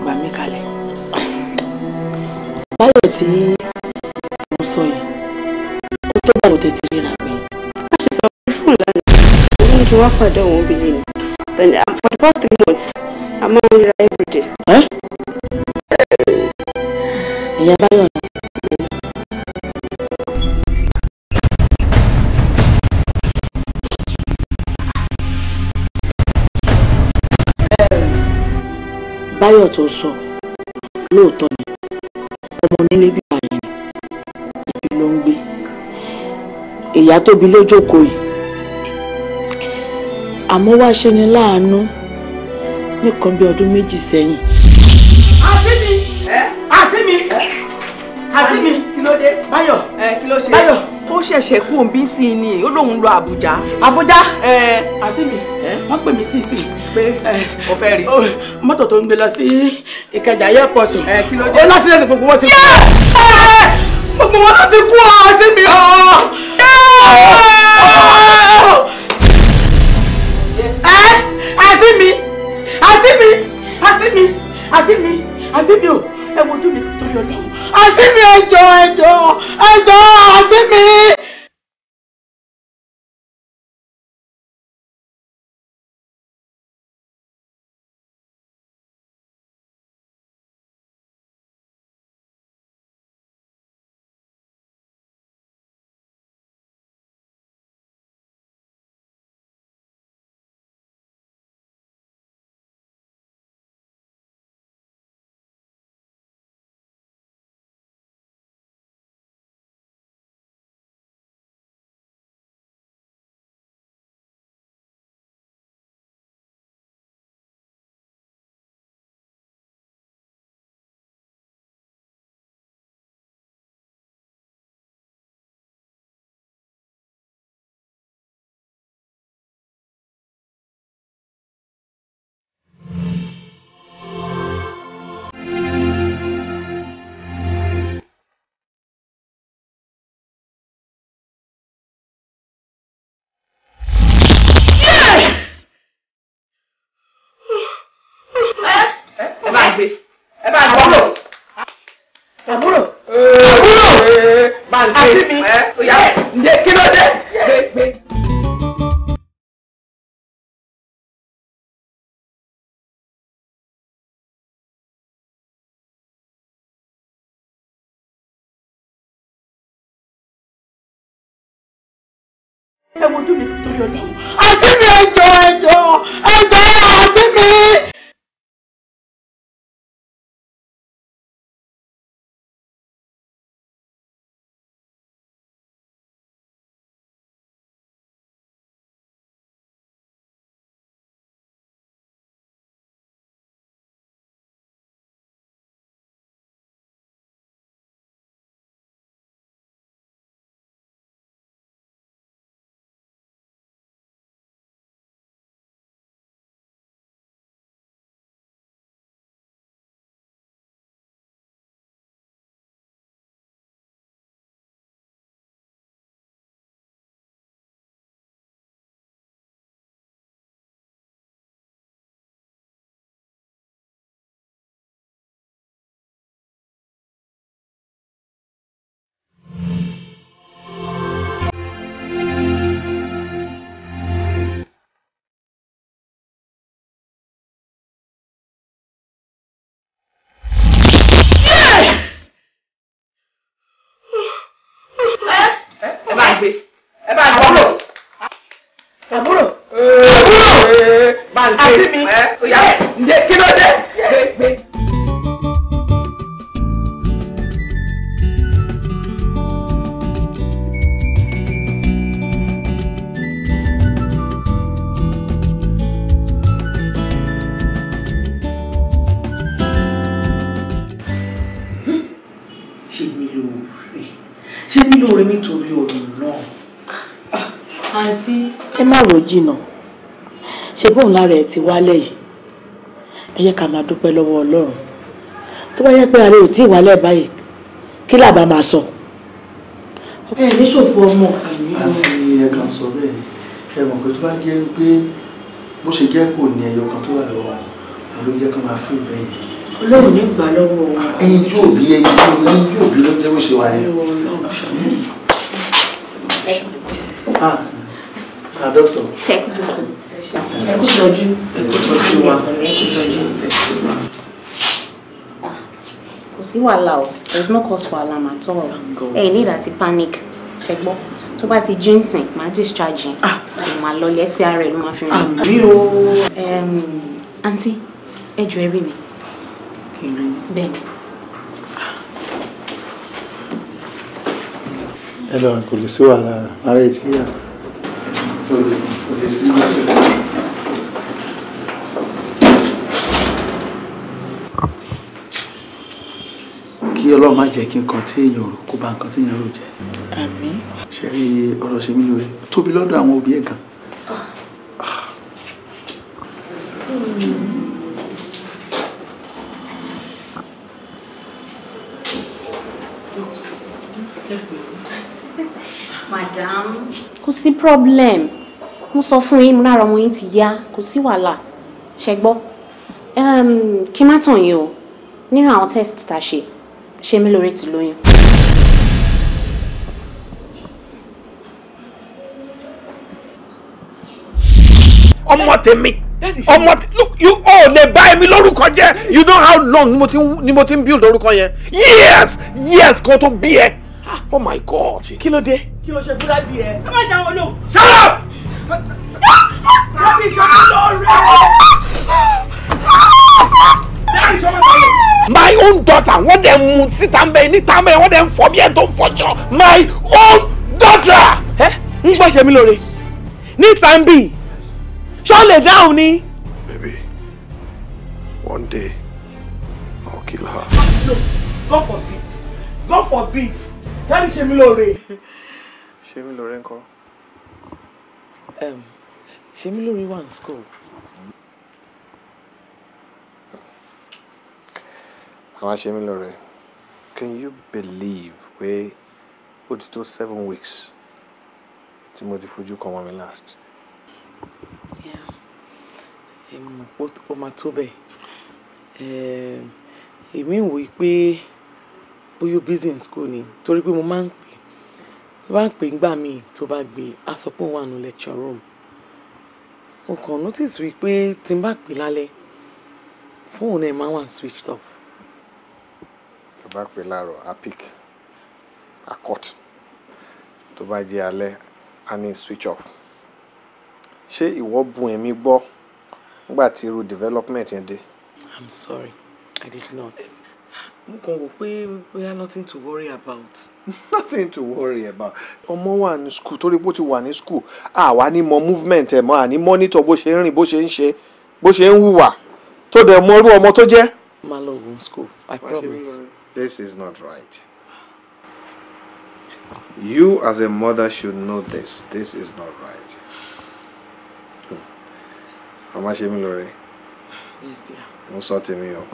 gbà mí kalẹ̀. Báyọ̀ tí mo sọ yìí, kó tó bá òde ti ríra mi. Má ṣe sọ pé fún ìlànà ìlú ni kí wọ́n pàdé òun obìnrin ni. Um, for the past three months, a máa ń ríra everyday. Ìyá Báyọ̀ Adébáyọ̀ tó sọ lóòótọ́ ni ọmọ onílé bíbá yìí ibi ló ń gbé ìyá tóbi ló yìí àmọ́ wá ṣe ni láàánú nìkan bí ọdún méjì sẹ́yìn. àti mi àti mi àti mi kí ló dé báyọ̀ kí ló ṣe báyọ̀ ó ṣẹ̀ṣẹ̀ kú òǹbí sí i ni ó lóun lọ àbújá àbújá àti mi wọ́n pè mí sí ìsìn pé o fẹ́ rí mọ́tò tó ń gbé lọ sí ìkẹjà airport kí ló dé ó lásìlẹ̀ sí gbogbo wọn ti kú gbogbo wọn ló ti kú ọ sí mi ọ. àti mi àti mi àti mi àti mi àti mi ò ẹ wojú mi torí Ọlọ́run àti mi ẹjọ́ ẹjọ́ ẹjọ́ àti mi. gbé ẹ bá gbọ́ lò. àbúrò àbúrò àti mi ǹjẹ́ kí ló dé gbé. ẹ wojú mi torí ọlọ́run. àti mi ṣé mi lóore nítorí ọ̀rọ̀ náà. àǹtí ah, ẹ má rò jìnnà ṣe bóun lára ẹ̀ ti wálẹ̀ yìí ẹ yẹ ká máa dúpẹ́ lọ́wọ́ ọlọ́run tó bá yẹ pé ààrẹ ò tí ì wálẹ̀ báyìí kí làbá máa sọ. ẹ ní ṣòfò ọmọ àmì. àǹtí ẹ kàn sọ bẹ́ẹ̀ ni ẹ mọ̀ pé tó bá jẹ́ pé bó ṣe jẹ́ kò ní ẹyọ kan tó wà lọ́wọ́ wọn ló jẹ́ kó máa fún ìgbẹ́ yẹn. ọlọ́run ní gbà lọ́wọ́ wa. ẹyin tí òbí ẹyin tí òbí ló jẹ́ bó ṣe wà yẹn. ah ah doctor ẹ kú tọ́jú ẹ kú tọ́jú wa ẹ ah, kú no cause for alarm at all Hey, ní ìdá to panic ṣẹgbọ́n tó bá ti jí nsìn My discharge yẹn ẹ ah. máa lọ lẹ́sẹ̀ ara ẹ ló máa fi rìn. àmì o. àǹtí ẹ jọ ẹ rí mi. bẹ́ẹ̀ ni. ẹ lọ kò lè sí ọlọ́run má jẹ́ kí nǹkan tí èèyàn rò kó bà nǹkan tí èèyàn rò jẹ́. àmín. ṣe rí ọ̀rọ̀ ṣe mí lóore tóbi lọ́dọ̀ àwọn òbí ẹ̀ gan. madam. kò sí problem mo sọ fún yín lára ọmọ yín ti yá kò sí wàhálà ṣe kí n má tàn yín o nínú àwọn test tá a ṣe ṣé mi lórí ti lóyún. ọmọ tèmi ọmọ look you oh, lè bá èmi lórúkọ jẹ́ you know how long ni mo ti ni mo ti ń build orúkọ yẹn yes yes kan tó bí ẹ oh my god. kí ló dé. kí ló ṣe fúra di ẹ. ẹ má jà lò. shut up. láti ṣe kí rẹ my own daughter wọ́n dẹ̀ mú síta ń bẹ níta ń bẹ wọ́n dẹ̀ ń fọ́ bí ẹ̀ tó ń my own daughter. ẹ ń gbọ́sẹ̀ mi lóore níta ń bì dáhùn ni. baby one day I will kill her. no god forbid god forbid dáàdi ṣe mi lóore. ṣe mi lóore ńkọ́. ṣe mi lóore wà ní school. àwọn ṣe can you believe we, put ti tó seven weeks tí mo ti fojú kan wọn mi last. Yeah. Um. pé Omatobe. Um. tó mean ehm, we ń wòye you busy in school ni torí pé mo máa ń pè mo máa ń pè ńgbà míì tó bá gbé lecture room mo kàn notice we tí n bá pè lálẹ́ fóònù ẹ̀ máa wà switched off bá pè láàárọ̀ á pick tó bá jẹ́ alẹ́ á ní switch off ṣé ìwọ bùn èmi gbọ́ nígbà tí irú development yẹn dé. i'm sorry i did not. mo kàn wò pé we have nothing to worry about. nothing to worry about. ọmọ wà ní school torí bó ti wà ní school àwa ní mọ movement ẹ̀ mọ́ àní monitor bó ṣe ń rìn bó ṣe ń ṣe bó ṣe ń hùwà tó dẹ̀ mọ irú ọmọ tó jẹ́. má lọ home school i promise. This is not right. You as a mother should know this. This is not right. How hmm. much ṣe mí Lori? Yes, dear. Don't sort me o.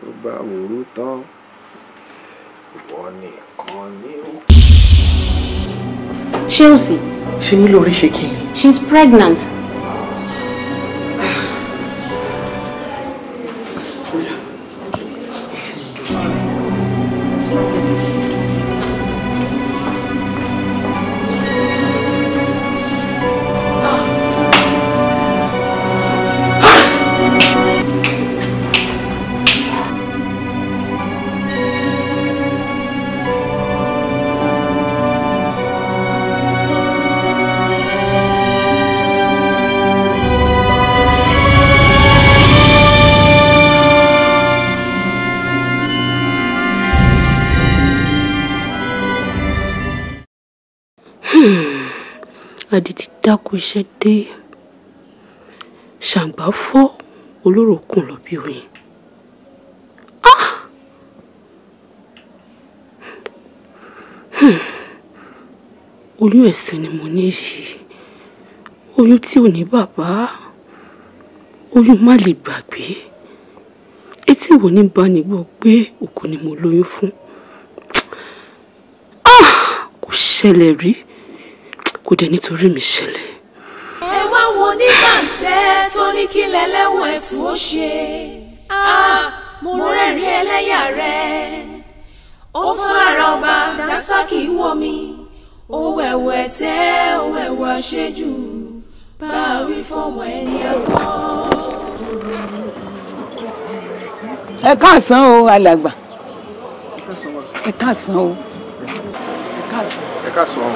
Tó bá wòrú tán, ìwọ Chelsea. Ṣé mi lóore ṣe kí She's pregnant. kú iṣẹ́ dé ṣàǹgbá fọ́ olóró kùn lọ bí oyin. Ah! Hmm. oyún ẹ̀sìn ni mo ní yìí oyún tí ò ní bàbá oyún má lè gbàgbé etí wo ní bá ní gbọ́ pé òkú ni mo lóyún fún ah! kò ṣẹlẹ̀ rí kò dẹ̀ nítorí mi ṣẹlẹ̀ oníbàǹtẹ́ tó ní kí lẹ́lẹ́wọ̀n ẹ̀tù ó ṣe ah, ah, mo rẹ́rìn ẹlẹ́yà rẹ ó tán lára ọba dasaki wọ mi òun ẹ̀wọ̀ ẹ̀tẹ́ òun àṣejù bá a wí fọ́mọ ẹni àgbọ̀. ẹ káàsán o alàgbà ẹ káàsán o ẹ káàsán. ẹ káàsán.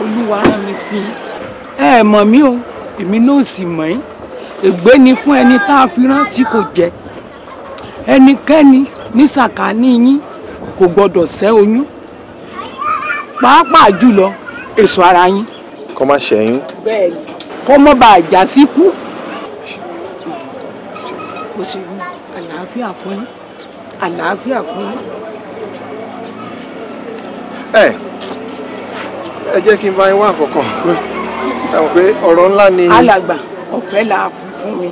olúwa rán mi sí i ẹ mọ̀ mí o èmi náà sì mọ̀ yín ègbé ni fún ẹni tá a fi rán tí kò jẹ ẹnikẹ́ni ní sàkání yín kò gbọ́dọ̀ ṣẹ́ oyún pàápàá jùlọ èso ara yín. kó má ṣẹ́yún. bẹ́ẹ̀ni kó mọ́ bá a já sí kú. mo sì ń àlàáfíà fún yín àlàáfíà fún yín. ẹ ẹ jẹ́ kí n bá yín wá àkọ́kọ́ àwọn pé ọ̀rọ̀ ńlá ni. alàgbà ọ̀fẹ́ la fún mi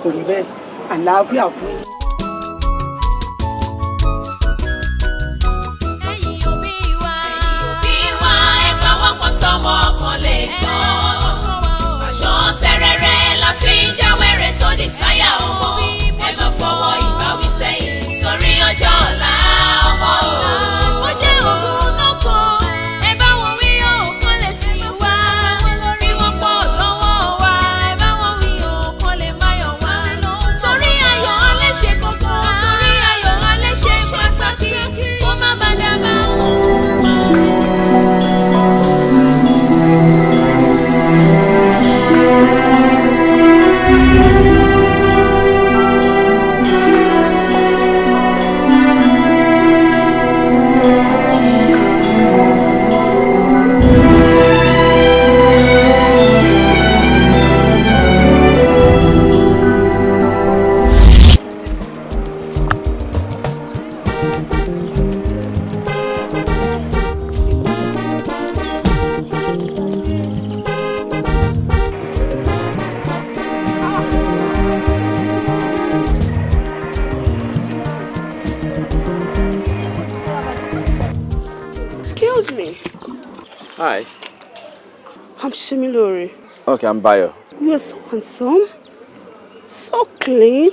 kò rí bẹ́ẹ̀ àlàáfíà fún mi. Okay, I'm Bayo. You're so handsome, so clean,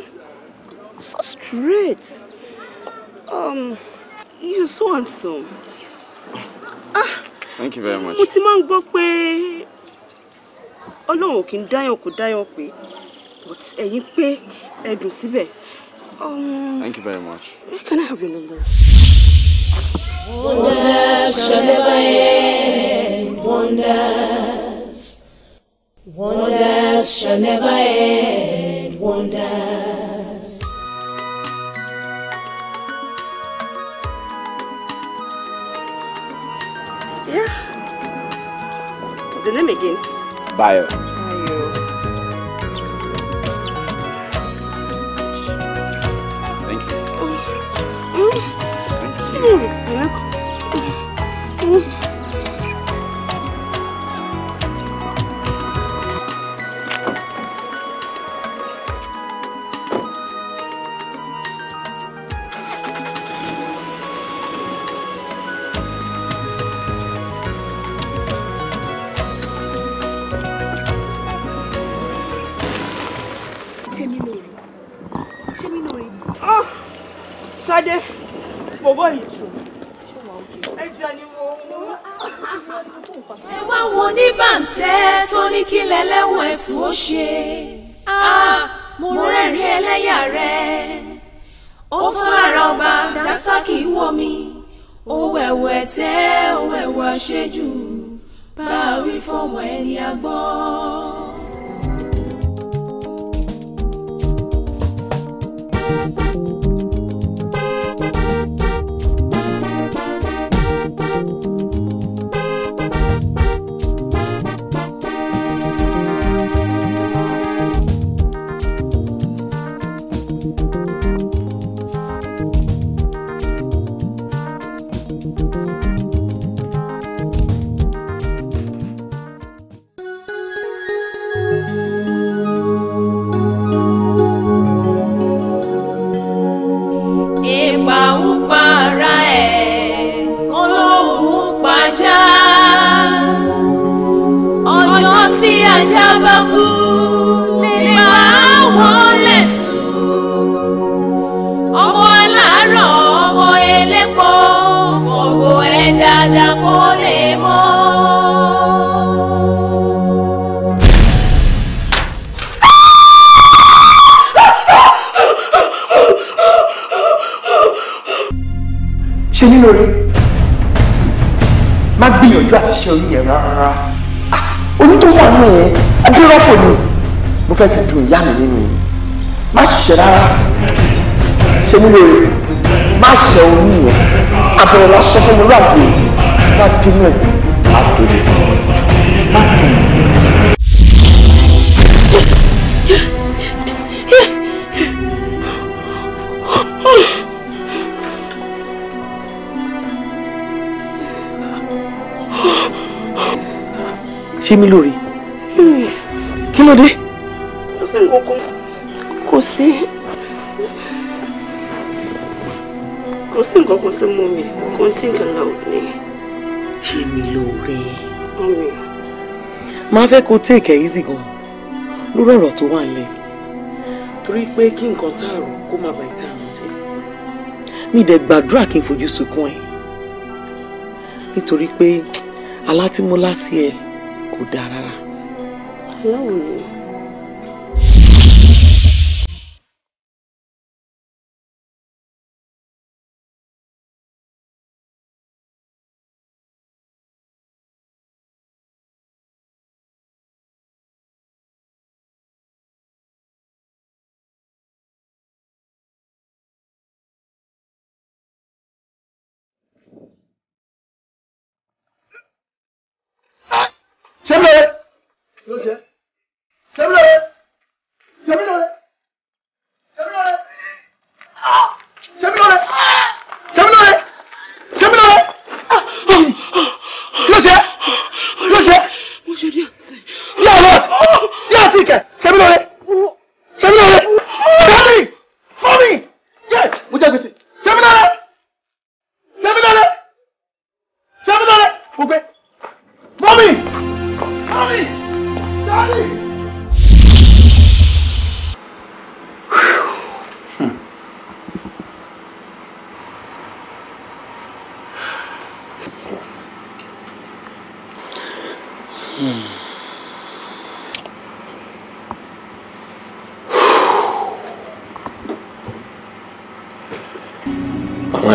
so straight. Um, you're so handsome. Ah, Thank you very much. Mo ti máa ń gbọ́ pé Ọlọ́run ò kì í dáyàn kò dáyàn pé but ẹ̀yin pé ẹ̀dùn um, Thank you very much. Can I have your number? Wonder, Wonders, wonder. Wonders shall never end, wonders. Yeah. The name again? Bio. Bio. Thank you. Oh. Mm. Thank you. Life wo ṣe ah mo rẹ́rìn ẹlẹ́yà rẹ̀ ó tán lára ọba dasaki wọ̀ mi òun ẹ̀wọ̀ ẹ̀tẹ́ òun ẹ̀wọ̀ àṣejù bá wí fọ́mọ ẹni àgbọ́n. 就是。fẹ́ kó take it easy gan lórí ọ̀rọ̀ tó wà nílẹ̀ torí pé kí nǹkan tá a rò kó má bàa ìta àrùn jẹ́ mi dẹ̀ gbàdúrà kí n fojú sunkún ẹ̀ nítorí pé alátímúlá sí ẹ kò dáa rárá. báwo 刘钱，想不有人，想不有人。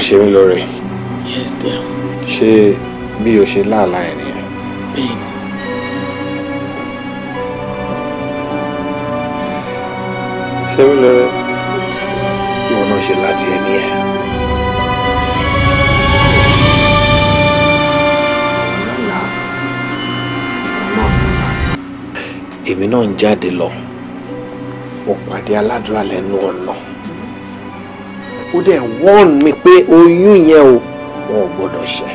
ṣe mí lóore. yes dear. ṣé bí o ṣe láàlá ẹ nìyẹn. bẹ́ẹ̀ni. ṣe mí lóore. kí wọn náà ṣe láti ẹ nìyẹn. èmi náà ń jáde lọ mo pàdé aládùúrà lẹ́nu ọ̀nà. No ó dẹ̀ warn mi pé oyún yẹn o wọn ò gbọ́dọ̀ ṣe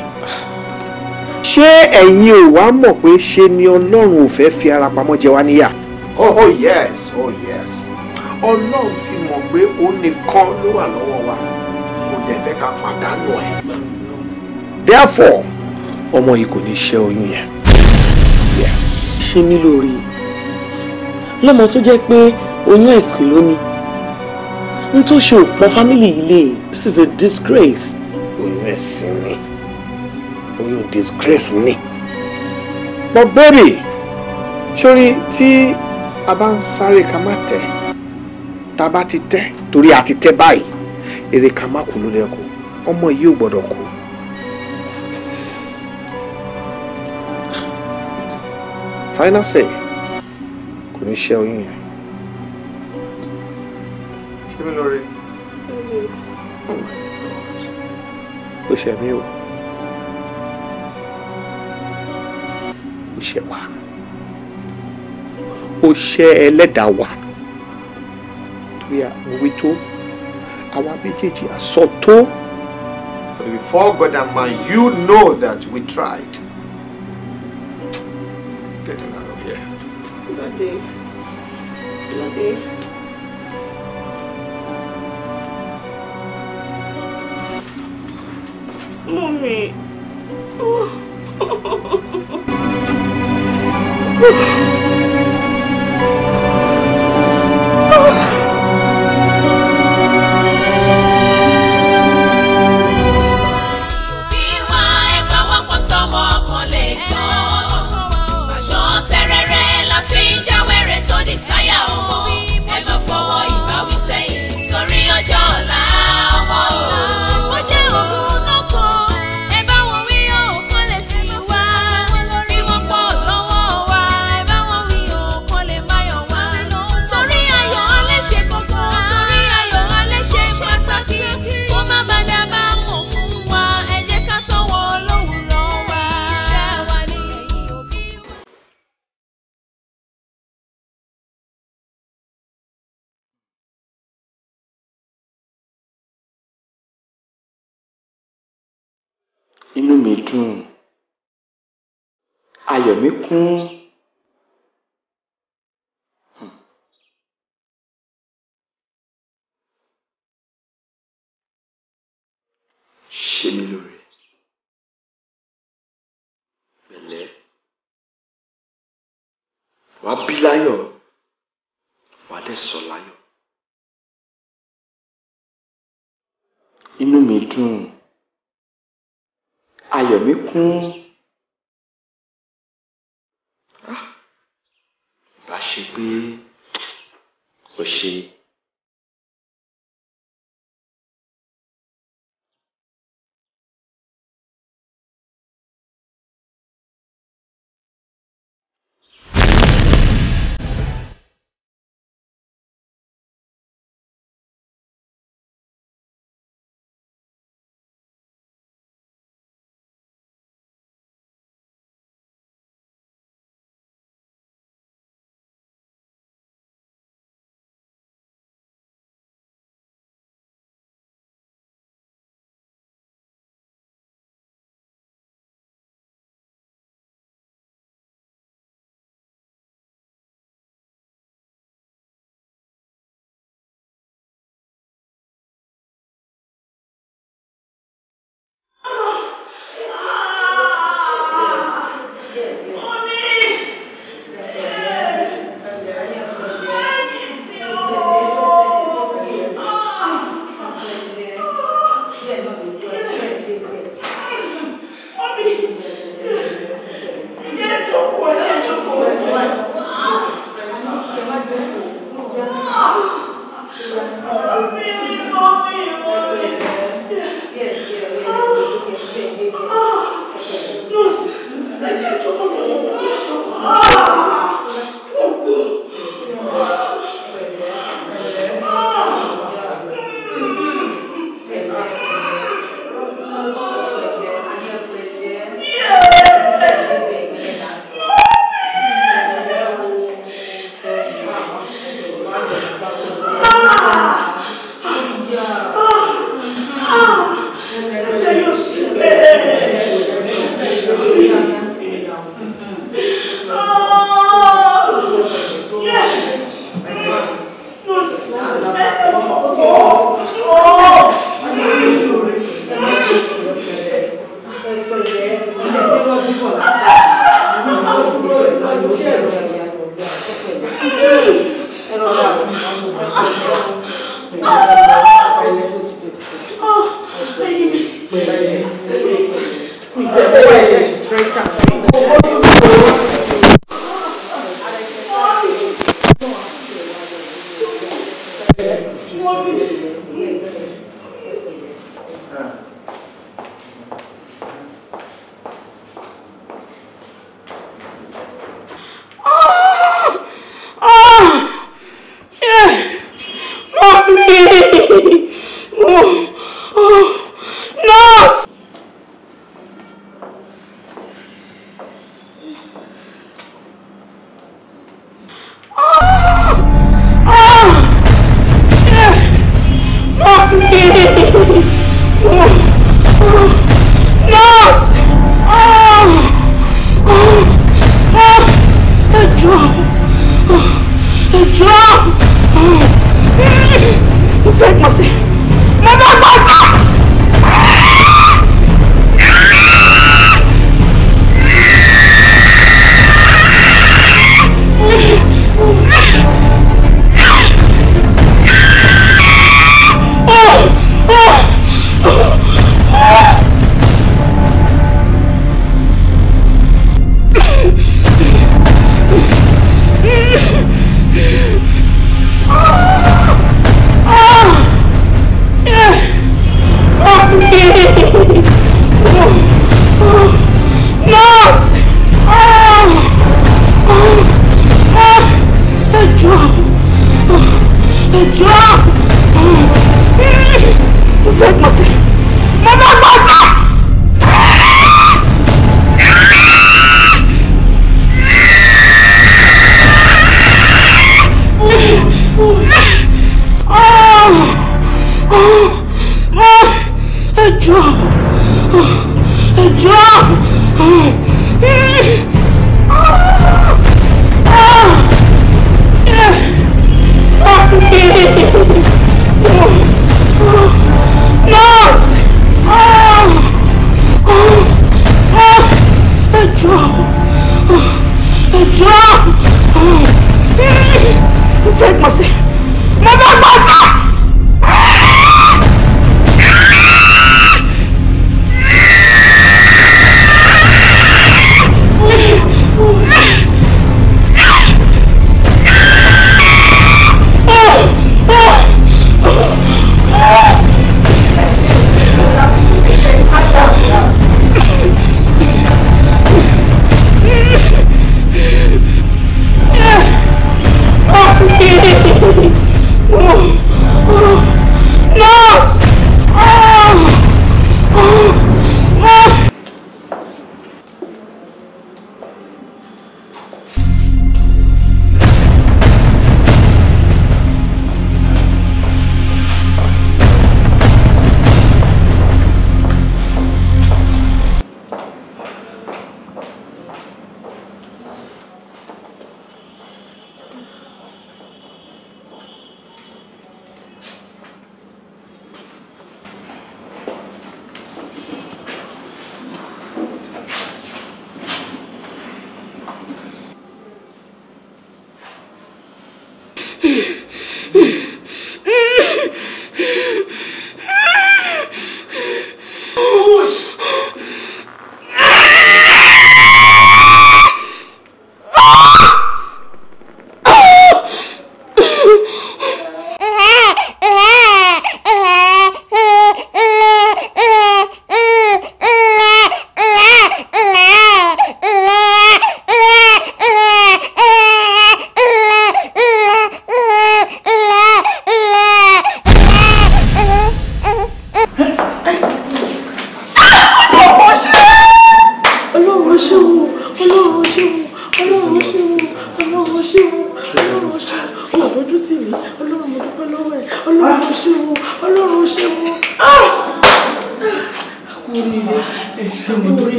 ṣé ẹ̀yin ò wá mọ̀ pé ṣe ni ọlọ́run ò fẹ́ fi ara pamọ́ jẹ wá níyà. Oh, oh yes oh yes ọlọ́run ti mọ̀ pé ó nìkan ló wà lọ́wọ́ wa kò dẹ̀ fẹ́ ká pàdánù ẹ̀. therefore ọmọ yìí kò ní ṣe oyún yẹn. yes. ṣe mí lóore lọ́mọ tó jẹ́ pé oyún ẹ̀sìn ló ní n tó ṣe òpọn fámìlì ilé this is a disgrace. oyún ẹ̀sìn ni oyún disgrace ni. but baby sórí tí a bá ń sáré ká má tẹ̀ tá a ti tẹ̀ torí a ti tẹ̀ báyìí èrè ká má kú lórí ẹ̀kọ́ ọmọ yìí ò gbọ́dọ̀ kú. final say kò ní ṣe oyún yẹn ṣé mi lóore. ó ṣe mí o ó ṣe wá ó ṣe ẹlẹ́dàá wa torí àwòwí tó àwa méjèèjì àsọ tó. But before God and man, you know that we tried. Get him out of here. Daddy. Daddy. mummy. Oh. dùn hmm. ayọ̀ mi kún. Hmm. ṣe mí lóore pẹ̀lẹ́ wàá bí láyọ̀ wàá dẹ̀ sọ láyọ̀ inú mi dùn ayọ̀ mi kún. Ah. bá a ṣe pé o ṣe.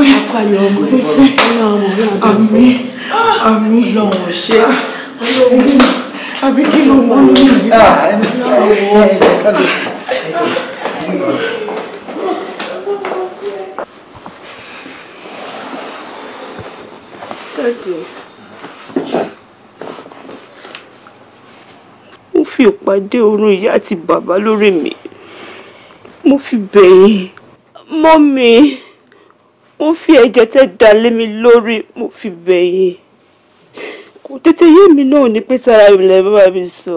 ọkọ ayọ̀ ọmọ ẹ ọmọ ọmọ rẹ àbí àmì lọ́wọ́ ṣe àbí kí ló mọ ní ìlú. mo fi ìpàdé oorun ìyá àti bàbá lórí mi mo fi bẹ̀yìn mọ́ mi mo fi ẹ̀jẹ̀ tẹ́ da lé mi lórí mo fi bẹ̀yẹ̀ kò tètè yé mi náà ní pé sára ilẹ̀ bá mi sọ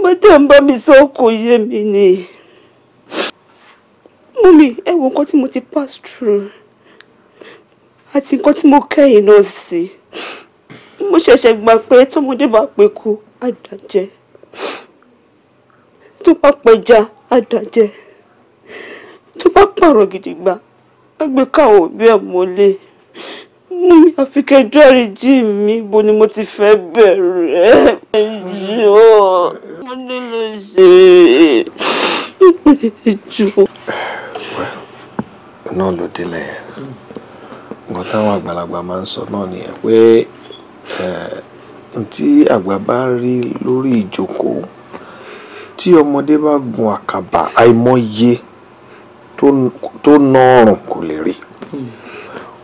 mo tẹ̀ ń bá mi sọ kò yé mi ni mummy ẹ wo nǹkan tí mo ti pass through àti nǹkan tí mo kẹ́yìn náà sí mo ṣẹ̀ṣẹ̀ gbà pé tọmọdé bá pé kú àdàjẹ́ tó bá pẹja àdàjẹ́ tó bá pààrọ̀ gidigba agbékàwọ̀ bí àmọ́lé mú mi àfikẹ́jọ́ àríjì mi bo ni mo ti fẹ́ bẹ̀rẹ̀ ẹjọ́ mo nílò ṣe ẹjọ́. náà ló délẹ̀ nǹkan táwọn àgbàlagbà máa ń sọ náà nìyẹn pé tí àgbà bá rí lórí ìjókòó tí ọmọdé bá gun àkàbà àìmọye tó ná ọrùn kò lè rí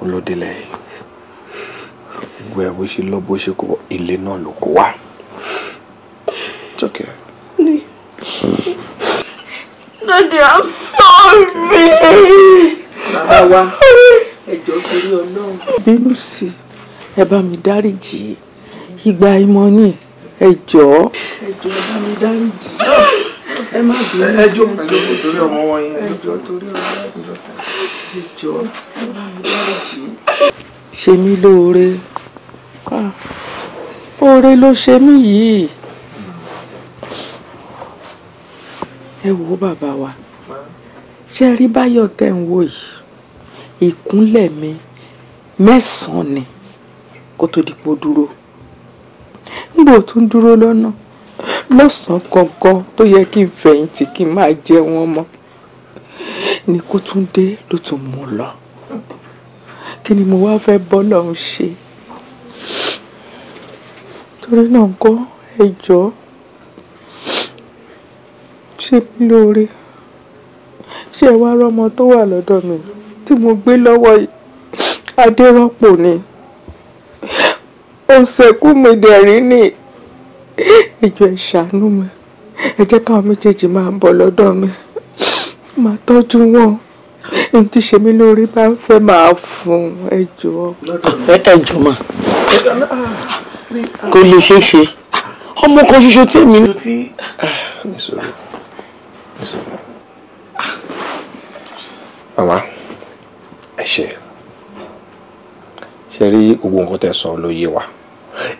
òun ló délẹ̀ gbogbo ẹ̀ bó ṣe lọ bó ṣe kó ilé náà ló kó wá jọkẹ́. Daddy, I'm sorry. Bàbá wa, ẹjọ́ torí Ọlọ́run. Bínú sí, ẹ bá mi dáríjì. Ìgbà ìmọ̀ ni, ẹjọ́. Ẹjọ́ bá mi dáríjì. ẹ má bínú sí i. ẹ jókòó ẹ jókòó torí ọmọ wọn yẹn ẹ jókòó torí ọmọ wọn yẹn ẹ jọ ẹ bá mi dárí jì í. ṣe mí lóore ah, oore ló ṣe mí yìí ẹ wo bàbá wa ṣe rí báyọ̀ tẹ̀ ń wò yìí ìkúnlẹ̀ mi mẹ́sàn-án ni kó tó di pò dúró nígbà tó dúró lọ́nà lọ́sàn-án gangan tó yẹ kí n fẹ̀yìntì kí n máa jẹ wọn mọ́ ni kó tún dé ló tún mú lọ kí ni mo wá fẹ́ bọ́ lọ́hún ṣe torí náà kọ́ ẹ jọ̀ọ́ ṣe mí lóore ṣé ẹ wá rọ́mọ tó wà lọ́dọ̀ mi tí mo gbé lọ́wọ́ adérọ́pò ni òsèkú mi dẹ̀rín ni ìjọ ẹ ṣàánú mi ẹ jẹ́ káwọn méjèèjì máa bọ̀ lọ́dọ̀ mi máa tọ́jú wọn n ti ṣe mí lórí bá ń fẹ́ máa fún ẹ jọ̀ọ́. ẹ jọ̀ọ́ mà kò lè ṣeé ṣe ọmọ kan ṣoṣo tí èmi. Ah, màmá ẹ ṣe ṣe rí gbogbo nǹkan tẹ́ sọ ló yé wa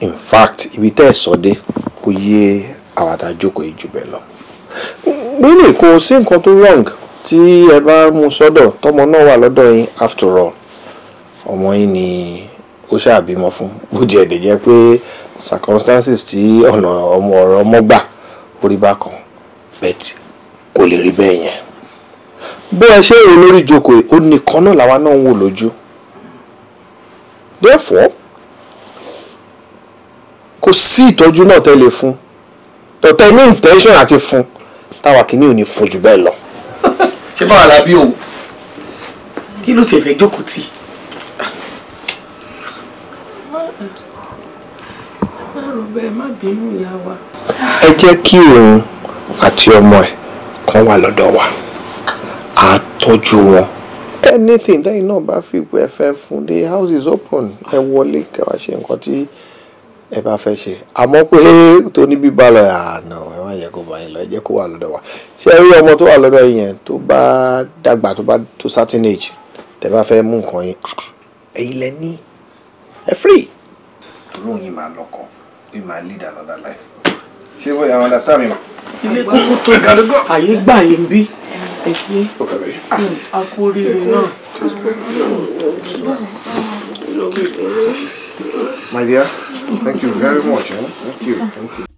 in fact ibi tẹ́ ẹ sọ dé kò yé àwa tá a jókòó yìí jù bẹ́ẹ̀ lọ. really kò sí nǹkan tó wrong tí ẹ bá mú sọ́dọ̀ tọmọ náà wà lọ́dọ̀ yín after all ọmọ yín ni ó ṣàbímọ fún bó jẹ́ ẹ̀dẹ̀ jẹ́ pé circumstances tí ọ̀nà ọmọ ọ̀rọ̀ ọmọ gbà orí bákan bet kò lè rí bẹ́ẹ̀ yẹn bó ẹ ṣe èrò lórí ìjókòó ó nìkan náà làwa náà ń wò lójú therefore kò sí ìtọ́jú náà tẹ́ lè fún tọ́tẹ́ ní intention àti fún táwa kìíní ò ní fún jù bẹ́ẹ̀ lọ. ṣé báwa la bí o kí ló tiẹ̀ fẹ́ jókòó tì. ẹ jẹ́ kí òun àti ọmọ ẹ̀ kan wà lọ́dọ̀ wa á tọ́jú wọn. anything lẹ́yìn náà bá fi ìwé ẹ fún the house is open ẹ wọlé kẹwàá ṣe nǹkan tí. Tí ẹ bá fẹ́ ṣe àmọ́ pé tó ní bíbá lọ àná ẹ má yẹ kó bá yín lọ ẹ jẹ́ kó wà lọ́dọ̀ wa ṣé rí ọmọ tó wà lọ́dọ̀ yìí yẹn tó bá dàgbà tó bá tó certain age tẹ bá fẹ́ mú nǹkan yín ah, ẹ̀yin lẹ ní ẹ free. tòun yìí máa lọkọ yìí máa lead another life ṣé bóyá àwọn ọ̀dà sáà mi mọ̀. ilé kókó tó gàdúgbò. àyè gbà yín bí ẹ ṣe hmm, akóríire náà. My dear. Thank you very much. Eh? Thank you. Thank you.